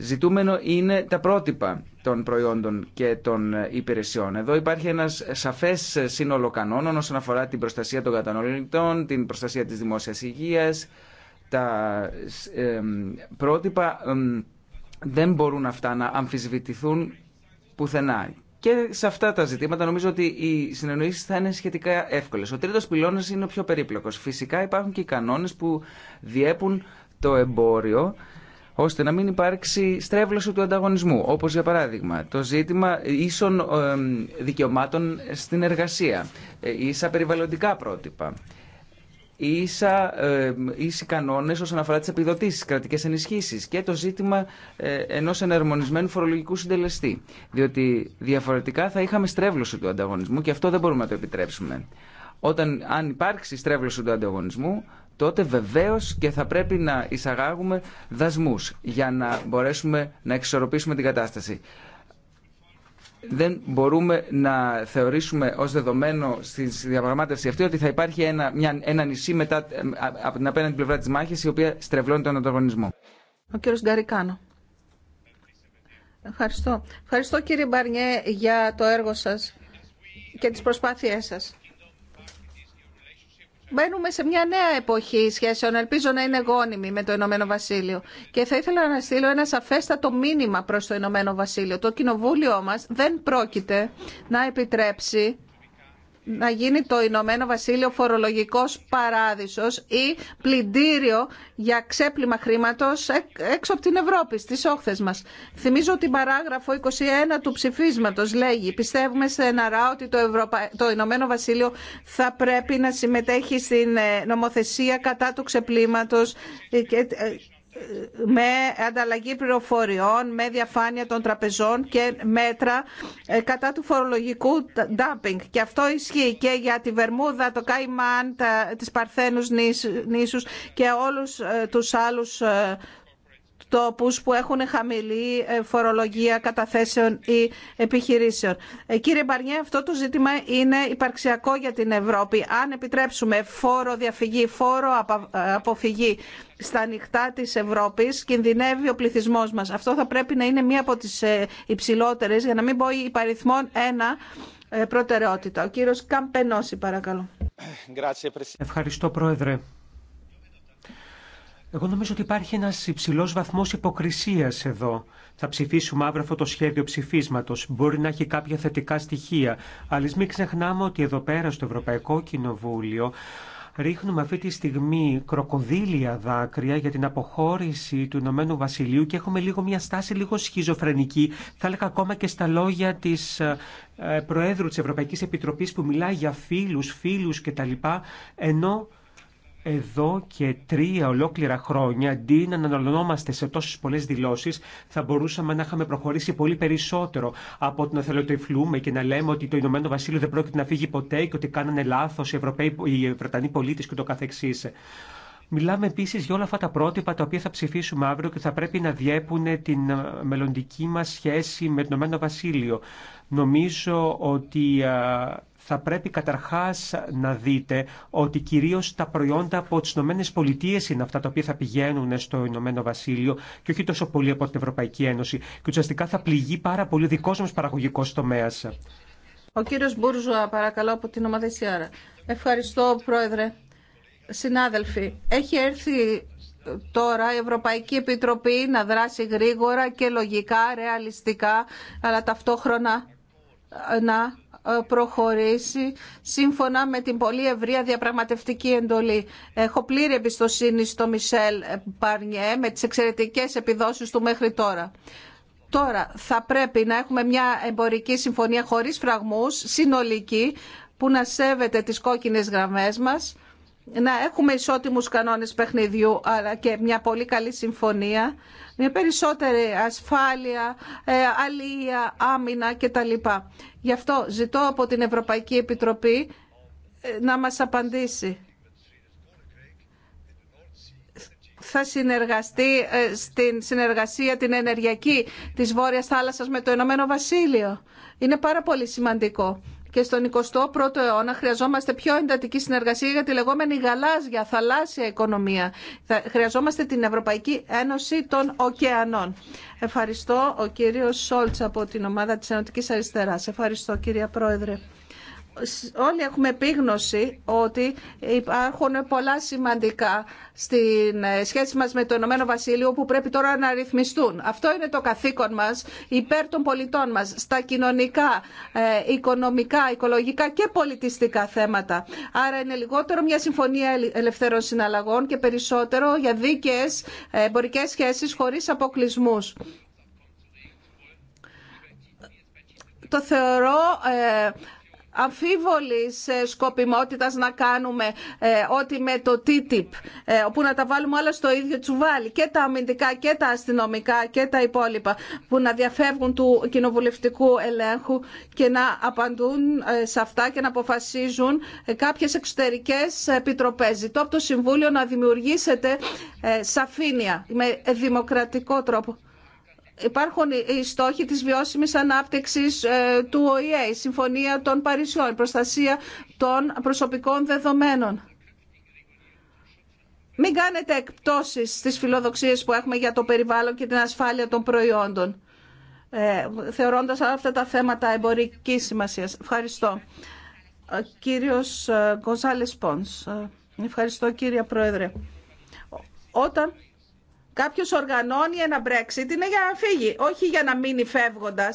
Ζητούμενο είναι τα πρότυπα των προϊόντων και των ε, υπηρεσιών. Εδώ υπάρχει ένας σαφές ε, σύνολο κανόνων όσον αφορά την προστασία των καταναλωτών, την προστασία της δημόσιας υγείας, τα πρότυπα δεν μπορούν αυτά να αμφισβητηθούν πουθενά. Και σε αυτά τα ζητήματα νομίζω ότι οι συνεννοήσει θα είναι σχετικά εύκολε. Ο τρίτο πυλώνα είναι ο πιο περίπλοκο. Φυσικά υπάρχουν και οι κανόνε που διέπουν το εμπόριο ώστε να μην υπάρξει στρέβλωση του ανταγωνισμού. Όπως για παράδειγμα το ζήτημα ίσων δικαιωμάτων στην εργασία, ε, ίσα περιβαλλοντικά πρότυπα ίσα, ε, ίσοι κανόνε όσον αφορά τι επιδοτήσει, κρατικέ ενισχύσει και το ζήτημα ε, ενό εναρμονισμένου φορολογικού συντελεστή. Διότι διαφορετικά θα είχαμε στρέβλωση του ανταγωνισμού και αυτό δεν μπορούμε να το επιτρέψουμε. Όταν, αν υπάρξει στρέβλωση του ανταγωνισμού, τότε βεβαίω και θα πρέπει να εισαγάγουμε δασμού για να μπορέσουμε να εξορροπήσουμε την κατάσταση δεν μπορούμε να θεωρήσουμε ως δεδομένο στη διαπραγμάτευση αυτή ότι θα υπάρχει ένα, μια, ένα νησί μετά, ε, από την απέναντι πλευρά της μάχης η οποία στρεβλώνει τον ανταγωνισμό. Ο κύριος Γκαρικάνο. Ευχαριστώ. Ευχαριστώ κύριε Μπαρνιέ για το έργο σας και τις προσπάθειές σας. Μπαίνουμε σε μια νέα εποχή σχέσεων, ελπίζω να είναι γόνιμη με το Ηνωμένο Βασίλειο. Και θα ήθελα να στείλω ένα σαφέστατο μήνυμα προς το Ηνωμένο Βασίλειο. Το κοινοβούλιο μας δεν πρόκειται να επιτρέψει να γίνει το Ηνωμένο Βασίλειο φορολογικός παράδεισος ή πλυντήριο για ξέπλυμα χρήματος έξω από την Ευρώπη, στις όχθες μας. Θυμίζω ότι παράγραφο 21 του ψηφίσματος λέγει «Πιστεύουμε σε ότι το, Ευρωπα... το Ηνωμένο Βασίλειο θα πρέπει να συμμετέχει στην ε, νομοθεσία κατά του ξεπλήματος ε, με ανταλλαγή πληροφοριών, με διαφάνεια των τραπεζών και μέτρα ε, κατά του φορολογικού dumping. Και αυτό ισχύει και για τη Βερμούδα, το Καϊμάν, τις Παρθένους νήσους και όλους ε, τους άλλους ε, τόπους που έχουν χαμηλή ε, φορολογία καταθέσεων ή επιχειρήσεων. Ε, κύριε Μπαρνιέ, αυτό το ζήτημα είναι υπαρξιακό για την Ευρώπη. Αν επιτρέψουμε φόρο διαφυγή, φόρο ε, αποφυγή στα ανοιχτά της Ευρώπης, κινδυνεύει ο πληθυσμός μας. Αυτό θα πρέπει να είναι μία από τις υψηλότερες, για να μην πω υπαριθμών ένα, προτεραιότητα. Ο κύριος Καμπενώση, παρακαλώ. Ευχαριστώ, Πρόεδρε. Εγώ νομίζω ότι υπάρχει ένα υψηλό βαθμό υποκρισία εδώ. Θα ψηφίσουμε αύριο αυτό το σχέδιο ψηφίσματο. Μπορεί να έχει κάποια θετικά στοιχεία. Αλλά μην ξεχνάμε ότι εδώ πέρα στο Ευρωπαϊκό Κοινοβούλιο ρίχνουμε αυτή τη στιγμή κροκοδίλια δάκρυα για την αποχώρηση του Ηνωμένου Βασιλείου και έχουμε λίγο μια στάση λίγο σχιζοφρενική, θα έλεγα ακόμα και στα λόγια της ε, Προέδρου της Ευρωπαϊκής Επιτροπής που μιλάει για φίλους, φίλους κτλ. Ενώ εδώ και τρία ολόκληρα χρόνια, αντί να αναλωνόμαστε σε τόσε πολλέ δηλώσει, θα μπορούσαμε να είχαμε προχωρήσει πολύ περισσότερο από το να θελοτυφλούμε και να λέμε ότι το Ηνωμένο Βασίλειο δεν πρόκειται να φύγει ποτέ και ότι κάνανε λάθο οι, Ευρωπαίοι, οι Βρετανοί πολίτε και το καθεξής. Μιλάμε επίση για όλα αυτά τα πρότυπα τα οποία θα ψηφίσουμε αύριο και θα πρέπει να διέπουν την μελλοντική μα σχέση με το Ηνωμένο Βασίλειο. Νομίζω ότι θα πρέπει καταρχάς να δείτε ότι κυρίως τα προϊόντα από τις Ηνωμένες Πολιτείες είναι αυτά τα οποία θα πηγαίνουν στο Ηνωμένο Βασίλειο και όχι τόσο πολύ από την Ευρωπαϊκή Ένωση και ουσιαστικά θα πληγεί πάρα πολύ ο δικός μας παραγωγικός τομέας. Ο κύριος Μπούρζουα, παρακαλώ, από την ομάδα Σιάρα. Ευχαριστώ, Πρόεδρε. Συνάδελφοι, έχει έρθει τώρα η Ευρωπαϊκή Επιτροπή να δράσει γρήγορα και λογικά, ρεαλιστικά, αλλά ταυτόχρονα να ε, προχωρήσει σύμφωνα με την πολύ ευρεία διαπραγματευτική εντολή. Έχω πλήρη εμπιστοσύνη στο Μισελ Παρνιέ με τις εξαιρετικές επιδόσεις του μέχρι τώρα. Τώρα θα πρέπει να έχουμε μια εμπορική συμφωνία χωρίς φραγμούς, συνολική, που να σέβεται τις κόκκινες γραμμές μας να έχουμε ισότιμους κανόνες παιχνιδιού αλλά και μια πολύ καλή συμφωνία, μια περισσότερη ασφάλεια, ε, αλληλεία, άμυνα κτλ. Γι' αυτό ζητώ από την Ευρωπαϊκή Επιτροπή ε, να μας απαντήσει. θα συνεργαστεί ε, στην συνεργασία την ενεργειακή της Βόρειας Θάλασσας με το Ηνωμένο Βασίλειο. Είναι πάρα πολύ σημαντικό και στον 21ο αιώνα χρειαζόμαστε πιο εντατική συνεργασία για τη λεγόμενη γαλάζια, θαλάσσια οικονομία. Χρειαζόμαστε την Ευρωπαϊκή Ένωση των Οκεανών. Ευχαριστώ ο κύριος Σόλτς από την ομάδα της Ενωτικής Αριστεράς. Ευχαριστώ κυρία Πρόεδρε όλοι έχουμε επίγνωση ότι υπάρχουν πολλά σημαντικά στη ε, σχέση μας με το Ηνωμένο Βασίλειο που πρέπει τώρα να ρυθμιστούν. Αυτό είναι το καθήκον μας υπέρ των πολιτών μας στα κοινωνικά, ε, οικονομικά, οικολογικά και πολιτιστικά θέματα. Άρα είναι λιγότερο μια συμφωνία ελευθερών συναλλαγών και περισσότερο για δίκαιες ε, εμπορικές σχέσεις χωρίς αποκλεισμούς. Το θεωρώ αμφίβολης ε, σκοπιμότητας να κάνουμε ε, ό,τι με το TTIP, ε, όπου να τα βάλουμε όλα στο ίδιο τσουβάλι, και τα αμυντικά και τα αστυνομικά και τα υπόλοιπα, που να διαφεύγουν του κοινοβουλευτικού ελέγχου και να απαντούν σε αυτά και να αποφασίζουν κάποιες εξωτερικές επιτροπές. Ζητώ από το Συμβούλιο να δημιουργήσετε σαφήνεια με δημοκρατικό τρόπο. Υπάρχουν οι στόχοι της βιώσιμης ανάπτυξης ε, του ΟΗΕ, η Συμφωνία των Παρισιών, προστασία των προσωπικών δεδομένων. Μην κάνετε εκπτώσεις στις φιλοδοξίες που έχουμε για το περιβάλλον και την ασφάλεια των προϊόντων, ε, θεωρώντας αυτά τα θέματα εμπορικής σημασίας. Ευχαριστώ. Κύριος ε, Γκοζάλης Πόνς. Ευχαριστώ κύριε Πρόεδρε. Όταν Κάποιο οργανώνει ένα Brexit είναι για να φύγει, όχι για να μείνει φεύγοντα.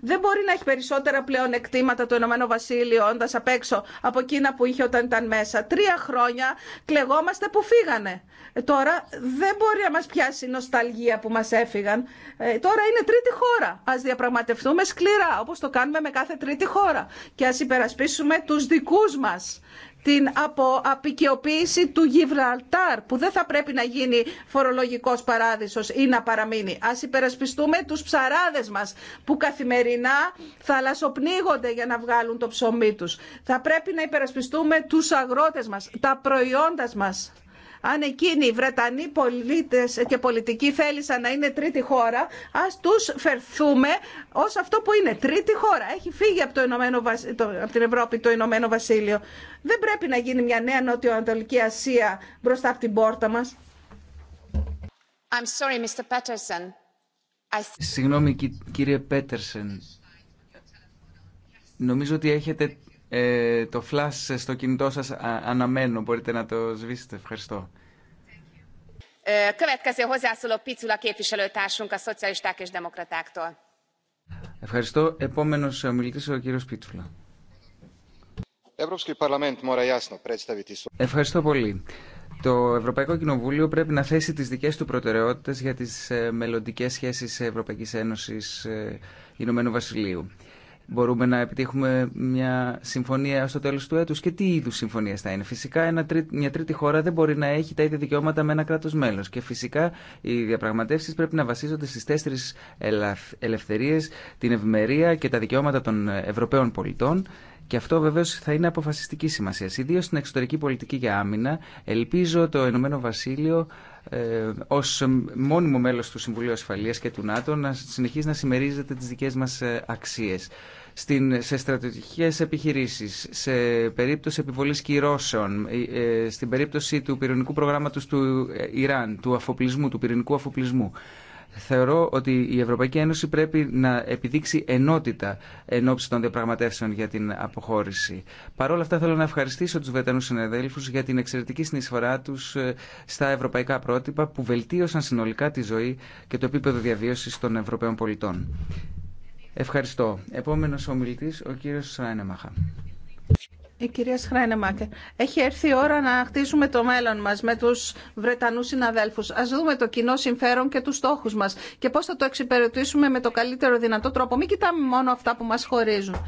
Δεν μπορεί να έχει περισσότερα πλέον εκτήματα το ΕΒ Βασίλειο όντα απ' έξω από εκείνα που είχε όταν ήταν μέσα. Τρία χρόνια κλεγόμαστε που φύγανε. Ε, τώρα δεν μπορεί να μα πιάσει η νοσταλγία που μα έφυγαν. Ε, τώρα είναι τρίτη χώρα. Α διαπραγματευτούμε σκληρά, όπω το κάνουμε με κάθε τρίτη χώρα. Και α υπερασπίσουμε του δικού μα την αποαπικιοποίηση του Γιβραλτάρ που δεν θα πρέπει να γίνει φορολογικός παράδεισος ή να παραμείνει. Ας υπερασπιστούμε τους ψαράδες μας που καθημερινά θαλασσοπνίγονται για να βγάλουν το ψωμί τους. Θα πρέπει να υπερασπιστούμε τους αγρότες μας, τα προϊόντα μας. Αν εκείνοι οι Βρετανοί πολίτες και πολιτικοί θέλησαν να είναι τρίτη χώρα, ας τους φερθούμε ως αυτό που είναι τρίτη χώρα. Έχει φύγει από, το Ηνωμένο, από την Ευρώπη το Ηνωμένο Βασίλειο. Δεν πρέπει να γίνει μια νέα νότιο-ανατολική Ασία μπροστά από την πόρτα μας. Συγγνώμη κύριε Πέτερσεν, νομίζω ότι έχετε ε, το flash στο κινητό σας αναμένω. Μπορείτε να το σβήσετε. Ευχαριστώ. Ε, Ευχαριστώ. Επόμενος ομιλητής ο κύριος Πίτσουλα. Ευχαριστώ πολύ. Το Ευρωπαϊκό Κοινοβούλιο πρέπει να θέσει τις δικές του προτεραιότητες για τις ε, μελλοντικές σχέσεις Ευρωπαϊκής Ένωσης ε, Ηνωμένου Βασιλείου. Μπορούμε να επιτύχουμε μια συμφωνία στο τέλο του έτους και τι είδου συμφωνίε θα είναι. Φυσικά ένα, μια τρίτη χώρα δεν μπορεί να έχει τα ίδια δικαιώματα με ένα κράτος μέλος και φυσικά οι διαπραγματεύσει πρέπει να βασίζονται στις τέσσερις ελευθερίες, την ευημερία και τα δικαιώματα των Ευρωπαίων πολιτών και αυτό βεβαίω θα είναι αποφασιστική σημασία. Ιδίω στην εξωτερική πολιτική για άμυνα, ελπίζω το Ηνωμένο Βασίλειο ε, ως μόνιμο μέλος του Συμβουλίου Ασφαλείας και του ΝΑΤΟ να συνεχίζει να συμμερίζεται τις δικές μας ε, αξίες. Στην, σε επιχειρήσεις, σε περίπτωση επιβολής κυρώσεων, ε, στην περίπτωση του πυρηνικού προγράμματος του Ιράν, του αφοπλισμού, του πυρηνικού αφοπλισμού, Θεωρώ ότι η Ευρωπαϊκή Ένωση πρέπει να επιδείξει ενότητα εν ώψη των διαπραγματεύσεων για την αποχώρηση. Παρ' όλα αυτά θέλω να ευχαριστήσω τους Βρετανούς συναδέλφου για την εξαιρετική συνεισφορά τους ε, στα ευρωπαϊκά πρότυπα που βελτίωσαν συνολικά τη ζωή και το επίπεδο διαβίωσης των Ευρωπαίων πολιτών. Ευχαριστώ. Επόμενος ομιλητής, ο κύριος Σραίνεμαχα. Η κυρία Σχρένεμακερ, έχει έρθει η ώρα να χτίσουμε το μέλλον μας με τους Βρετανούς συναδέλφους. Ας δούμε το κοινό συμφέρον και τους στόχους μας και πώς θα το εξυπηρετήσουμε με το καλύτερο δυνατό τρόπο. Μην κοιτάμε μόνο αυτά που μας χωρίζουν.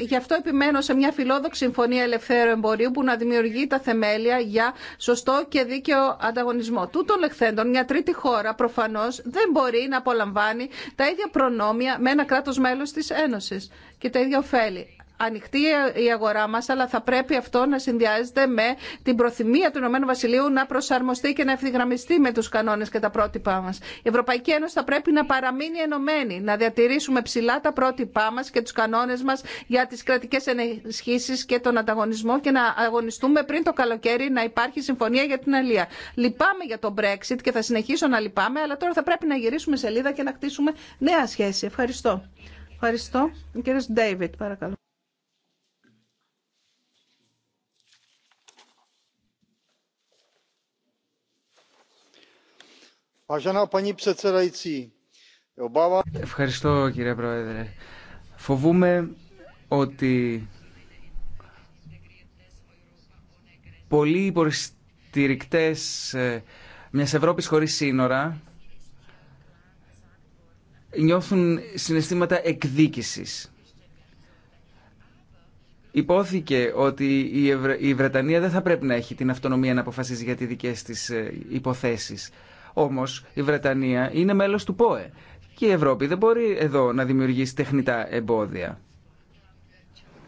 Γι' αυτό επιμένω σε μια φιλόδοξη συμφωνία ελευθέρου εμπορίου που να δημιουργεί τα θεμέλια για σωστό και δίκαιο ανταγωνισμό. Τούτων λεχθέντων, μια τρίτη χώρα προφανώ δεν μπορεί να απολαμβάνει τα ίδια προνόμια με ένα κράτο μέλο τη Ένωση και τα ίδια ωφέλη ανοιχτή η αγορά μας, αλλά θα πρέπει αυτό να συνδυάζεται με την προθυμία του Ηνωμένου Βασιλείου να προσαρμοστεί και να ευθυγραμμιστεί με τους κανόνες και τα πρότυπά μας. Η Ευρωπαϊκή Ένωση θα πρέπει να παραμείνει ενωμένη, να διατηρήσουμε ψηλά τα πρότυπά μας και τους κανόνες μας για τις κρατικές ενισχύσεις και τον ανταγωνισμό και να αγωνιστούμε πριν το καλοκαίρι να υπάρχει συμφωνία για την αλία. Λυπάμαι για τον Brexit και θα συνεχίσω να λυπάμαι, αλλά τώρα θα πρέπει να γυρίσουμε σελίδα και να χτίσουμε νέα σχέση. Ευχαριστώ. Ευχαριστώ. Κύριε Ντέιβιτ, παρακαλώ. Ευχαριστώ κύριε Πρόεδρε. Φοβούμε ότι πολλοί υποστηρικτές ε, μιας Ευρώπης χωρίς σύνορα νιώθουν συναισθήματα εκδίκησης. Υπόθηκε ότι η, Βρετανία δεν θα πρέπει να έχει την αυτονομία να αποφασίζει για τις δικές της ε, υποθέσεις. Όμω η Βρετανία είναι μέλος του ΠΟΕ και η Ευρώπη δεν μπορεί εδώ να δημιουργήσει τεχνητά εμπόδια.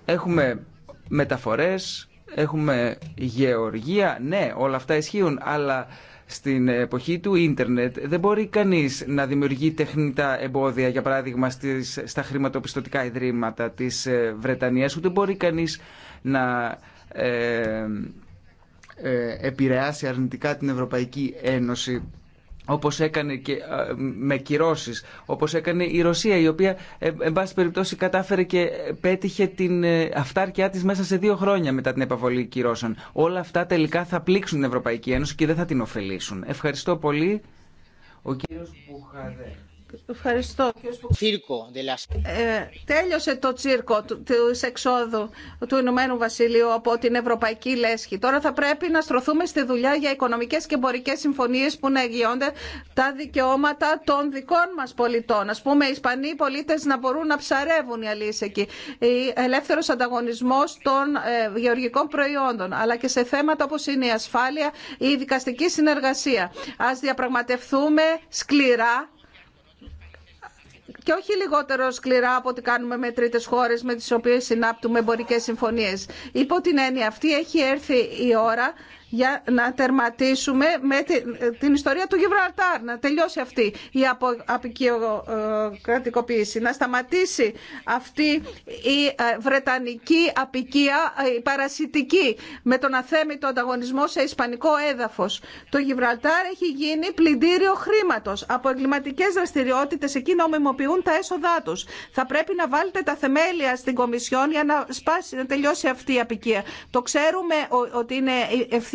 Έχουμε μεταφορές, έχουμε γεωργία, ναι όλα αυτά ισχύουν, αλλά στην εποχή του ίντερνετ δεν μπορεί κανείς να δημιουργεί τεχνητά εμπόδια, για παράδειγμα στις, στα χρηματοπιστωτικά ιδρύματα της ε, Βρετανίας, ούτε μπορεί κανείς να ε, ε επηρεάσει αρνητικά την Ευρωπαϊκή Ένωση όπως έκανε με κυρώσεις, όπως έκανε η Ρωσία η οποία ε, εν πάση περιπτώσει κατάφερε και πέτυχε την ε, αυτάρκειά της μέσα σε δύο χρόνια μετά την επαβολή κυρώσεων. Όλα αυτά τελικά θα πλήξουν την Ευρωπαϊκή Ένωση και δεν θα την ωφελήσουν. Ευχαριστώ πολύ. Ο κύριος Μπουχαδέ. Ευχαριστώ. Ε, τέλειωσε το τσίρκο του, εξόδου του Ηνωμένου Βασιλείου από την Ευρωπαϊκή Λέσχη. Τώρα θα πρέπει να στρωθούμε στη δουλειά για οικονομικέ και εμπορικέ συμφωνίε που να εγγυώνται τα δικαιώματα των δικών μα πολιτών. Α πούμε, οι Ισπανοί πολίτε να μπορούν να ψαρεύουν οι αλήθεια εκεί. Η ελεύθερος ανταγωνισμός των ε, γεωργικών προϊόντων, αλλά και σε θέματα όπω είναι η ασφάλεια ή η δικαστική συνεργασία. Α διαπραγματευτούμε σκληρά και όχι λιγότερο σκληρά από ό,τι κάνουμε με τρίτες χώρες με τις οποίες συνάπτουμε εμπορικέ συμφωνίες. Υπό την έννοια αυτή έχει έρθει η ώρα για να τερματίσουμε με την ιστορία του Γιβραλτάρ, να τελειώσει αυτή η απικιοκρατικοποίηση, να σταματήσει αυτή η ε, βρετανική απικία, ε, η παρασιτική, με τον αθέμητο ανταγωνισμό σε ισπανικό έδαφος. Το Γιβραλτάρ έχει γίνει πλυντήριο χρήματος από εγκληματικέ δραστηριότητες, εκεί νομιμοποιούν τα έσοδά του. Θα πρέπει να βάλετε τα θεμέλια στην Κομισιόν για να σπάσει, τελειώσει αυτή η απικία. Το ξέρουμε ότι είναι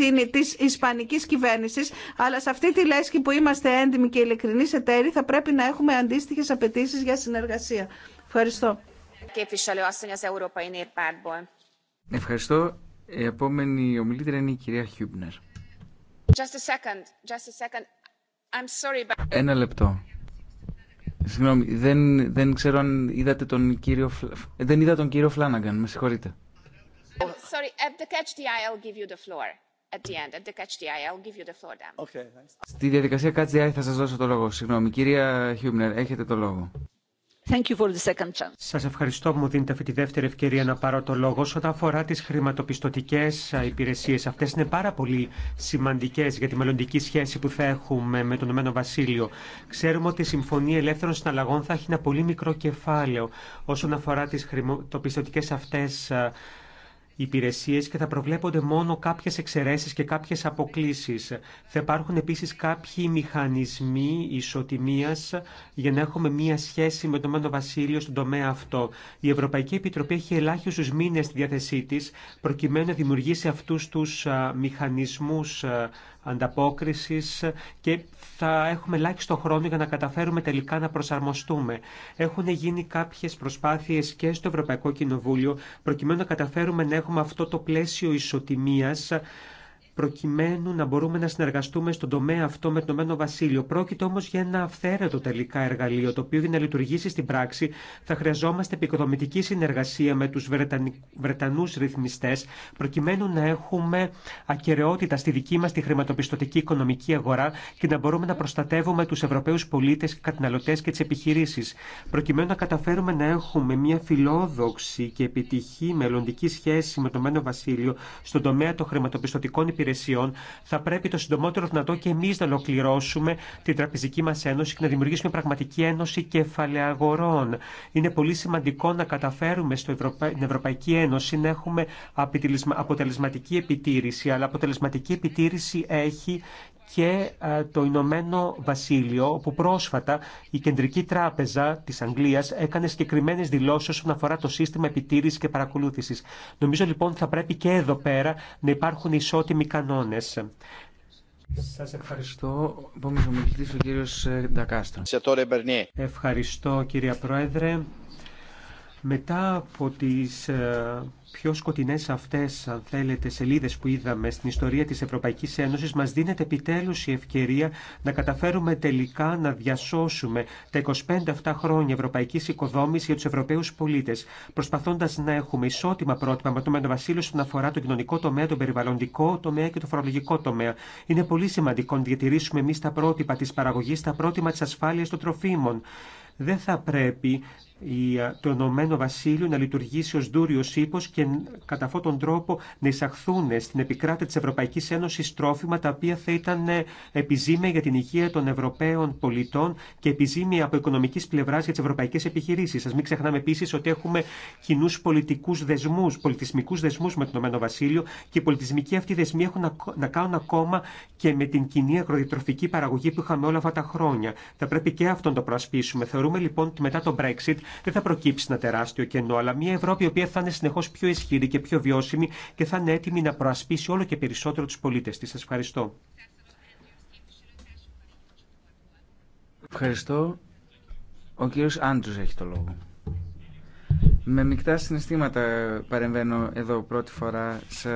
ευθύνη της ισπανικής κυβέρνησης, αλλά σε αυτή τη λέσχη που είμαστε έντιμοι και ειλικρινείς εταίροι θα πρέπει να έχουμε αντίστοιχες απαιτήσει για συνεργασία. Ευχαριστώ. Ευχαριστώ. Η επόμενη ομιλήτρια είναι η κυρία Χιούμπνερ. But... Ένα λεπτό. Συγγνώμη, δεν, δεν ξέρω αν είδατε τον κύριο Φλ... Δεν είδα τον κύριο Φλάναγκαν, με συγχωρείτε. Oh, sorry, at the catch the eye, I'll give you the floor. Στη διαδικασία Catch θα σας δώσω το λόγο. Συγγνώμη. Κυρία Χιούμνερ, έχετε το λόγο. Thank you for the second chance. Σας ευχαριστώ που μου δίνετε αυτή τη δεύτερη ευκαιρία να πάρω το λόγο. Όσον αφορά τις χρηματοπιστωτικές υπηρεσίες, αυτές είναι πάρα πολύ σημαντικές για τη μελλοντική σχέση που θα έχουμε με τον Ηνωμένο Βασίλειο. Ξέρουμε ότι η Συμφωνία Ελεύθερων Συναλλαγών θα έχει ένα πολύ μικρό κεφάλαιο όσον αφορά τις χρηματοπιστωτικές αυτές υπηρεσίες και θα προβλέπονται μόνο κάποιες εξαιρέσεις και κάποιες αποκλήσεις. Θα υπάρχουν επίσης κάποιοι μηχανισμοί ισοτιμίας για να έχουμε μία σχέση με το Μένο Βασίλειο στον τομέα αυτό. Η Ευρωπαϊκή Επιτροπή έχει ελάχιστους μήνες στη διάθεσή της προκειμένου να δημιουργήσει αυτούς τους μηχανισμούς ανταπόκρισης και θα έχουμε ελάχιστο χρόνο για να καταφέρουμε τελικά να προσαρμοστούμε. Έχουν γίνει κάποιες προσπάθειες και στο Ευρωπαϊκό Κοινοβούλιο προκειμένου να καταφέρουμε να έχουμε αυτό το πλαίσιο ισοτιμίας προκειμένου να μπορούμε να συνεργαστούμε στον τομέα αυτό με το Μένο Βασίλειο. Πρόκειται όμω για ένα αυθαίρετο τελικά εργαλείο, το οποίο για να λειτουργήσει στην πράξη θα χρειαζόμαστε επικοδομητική συνεργασία με του Βρετανού ρυθμιστέ, προκειμένου να έχουμε ακαιρεότητα στη δική μα τη χρηματοπιστωτική οικονομική αγορά και να μπορούμε να προστατεύουμε του Ευρωπαίου πολίτε, καταναλωτέ και τι επιχειρήσει. Προκειμένου να καταφέρουμε να έχουμε μια φιλόδοξη και επιτυχή μελλοντική σχέση με το Μένο Βασίλειο στον τομέα των χρηματοπιστωτικών υπηρεσιών θα πρέπει το συντομότερο δυνατό και εμεί να ολοκληρώσουμε την τραπεζική μα ένωση και να δημιουργήσουμε πραγματική ένωση κεφαλαιαγορών. Είναι πολύ σημαντικό να καταφέρουμε στην Ευρωπαϊκή Ένωση να έχουμε αποτελεσματική επιτήρηση, αλλά αποτελεσματική επιτήρηση έχει και ε, το Ηνωμένο Βασίλειο, όπου πρόσφατα η Κεντρική Τράπεζα τη Αγγλία έκανε συγκεκριμένε δηλώσει όσον αφορά το σύστημα επιτήρηση και παρακολούθηση. Νομίζω λοιπόν θα πρέπει και εδώ πέρα να υπάρχουν ισότιμοι κανόνε. Σα ευχαριστώ. ο κύριο ε, Ντακάστρο. Ευχαριστώ κύριε Πρόεδρε. Μετά από τις ε, πιο σκοτεινές αυτές, αν θέλετε, σελίδες που είδαμε στην ιστορία της Ευρωπαϊκής Ένωσης, μας δίνεται επιτέλους η ευκαιρία να καταφέρουμε τελικά να διασώσουμε τα 25 αυτά χρόνια ευρωπαϊκής οικοδόμησης για τους Ευρωπαίους πολίτες, προσπαθώντας να έχουμε ισότιμα πρότυπα με το Μένο Βασίλειο στον αφορά το κοινωνικό τομέα, τον περιβαλλοντικό τομέα και το φορολογικό τομέα. Είναι πολύ σημαντικό να διατηρήσουμε εμεί τα πρότυπα της παραγωγής, τα πρότυπα της ασφάλειας των τροφίμων δεν θα πρέπει το Ενωμένο Βασίλειο να λειτουργήσει ω δούριος ύπο και κατά αυτόν τον τρόπο να εισαχθούν στην επικράτεια τη Ευρωπαϊκής Ένωσης τρόφιμα τα οποία θα ήταν ε, επιζήμια για την υγεία των Ευρωπαίων πολιτών και επιζήμια από οικονομικής πλευράς για τις ευρωπαϊκές επιχειρήσει. Α μην ξεχνάμε επίση ότι έχουμε κοινού πολιτικού δεσμού, πολιτισμικού δεσμού με το Ενωμένο Βασίλειο και οι πολιτισμικοί αυτοί δεσμοί έχουν να κάνουν ακόμα και με την κοινή αγροδιατροφική παραγωγή που είχαμε όλα αυτά τα χρόνια. Θα πρέπει και αυτόν το προασπίσουμε. Θεωρούμε λοιπόν ότι μετά το Brexit δεν θα προκύψει ένα τεράστιο κενό, αλλά μια Ευρώπη η οποία θα είναι συνεχώ πιο ισχυρή και πιο βιώσιμη και θα είναι έτοιμη να προασπίσει όλο και περισσότερο του πολίτε τη. Σα ευχαριστώ. Ευχαριστώ. Ο κύριος Άντρους έχει το λόγο. Με μεικτά συναισθήματα παρεμβαίνω εδώ πρώτη φορά σε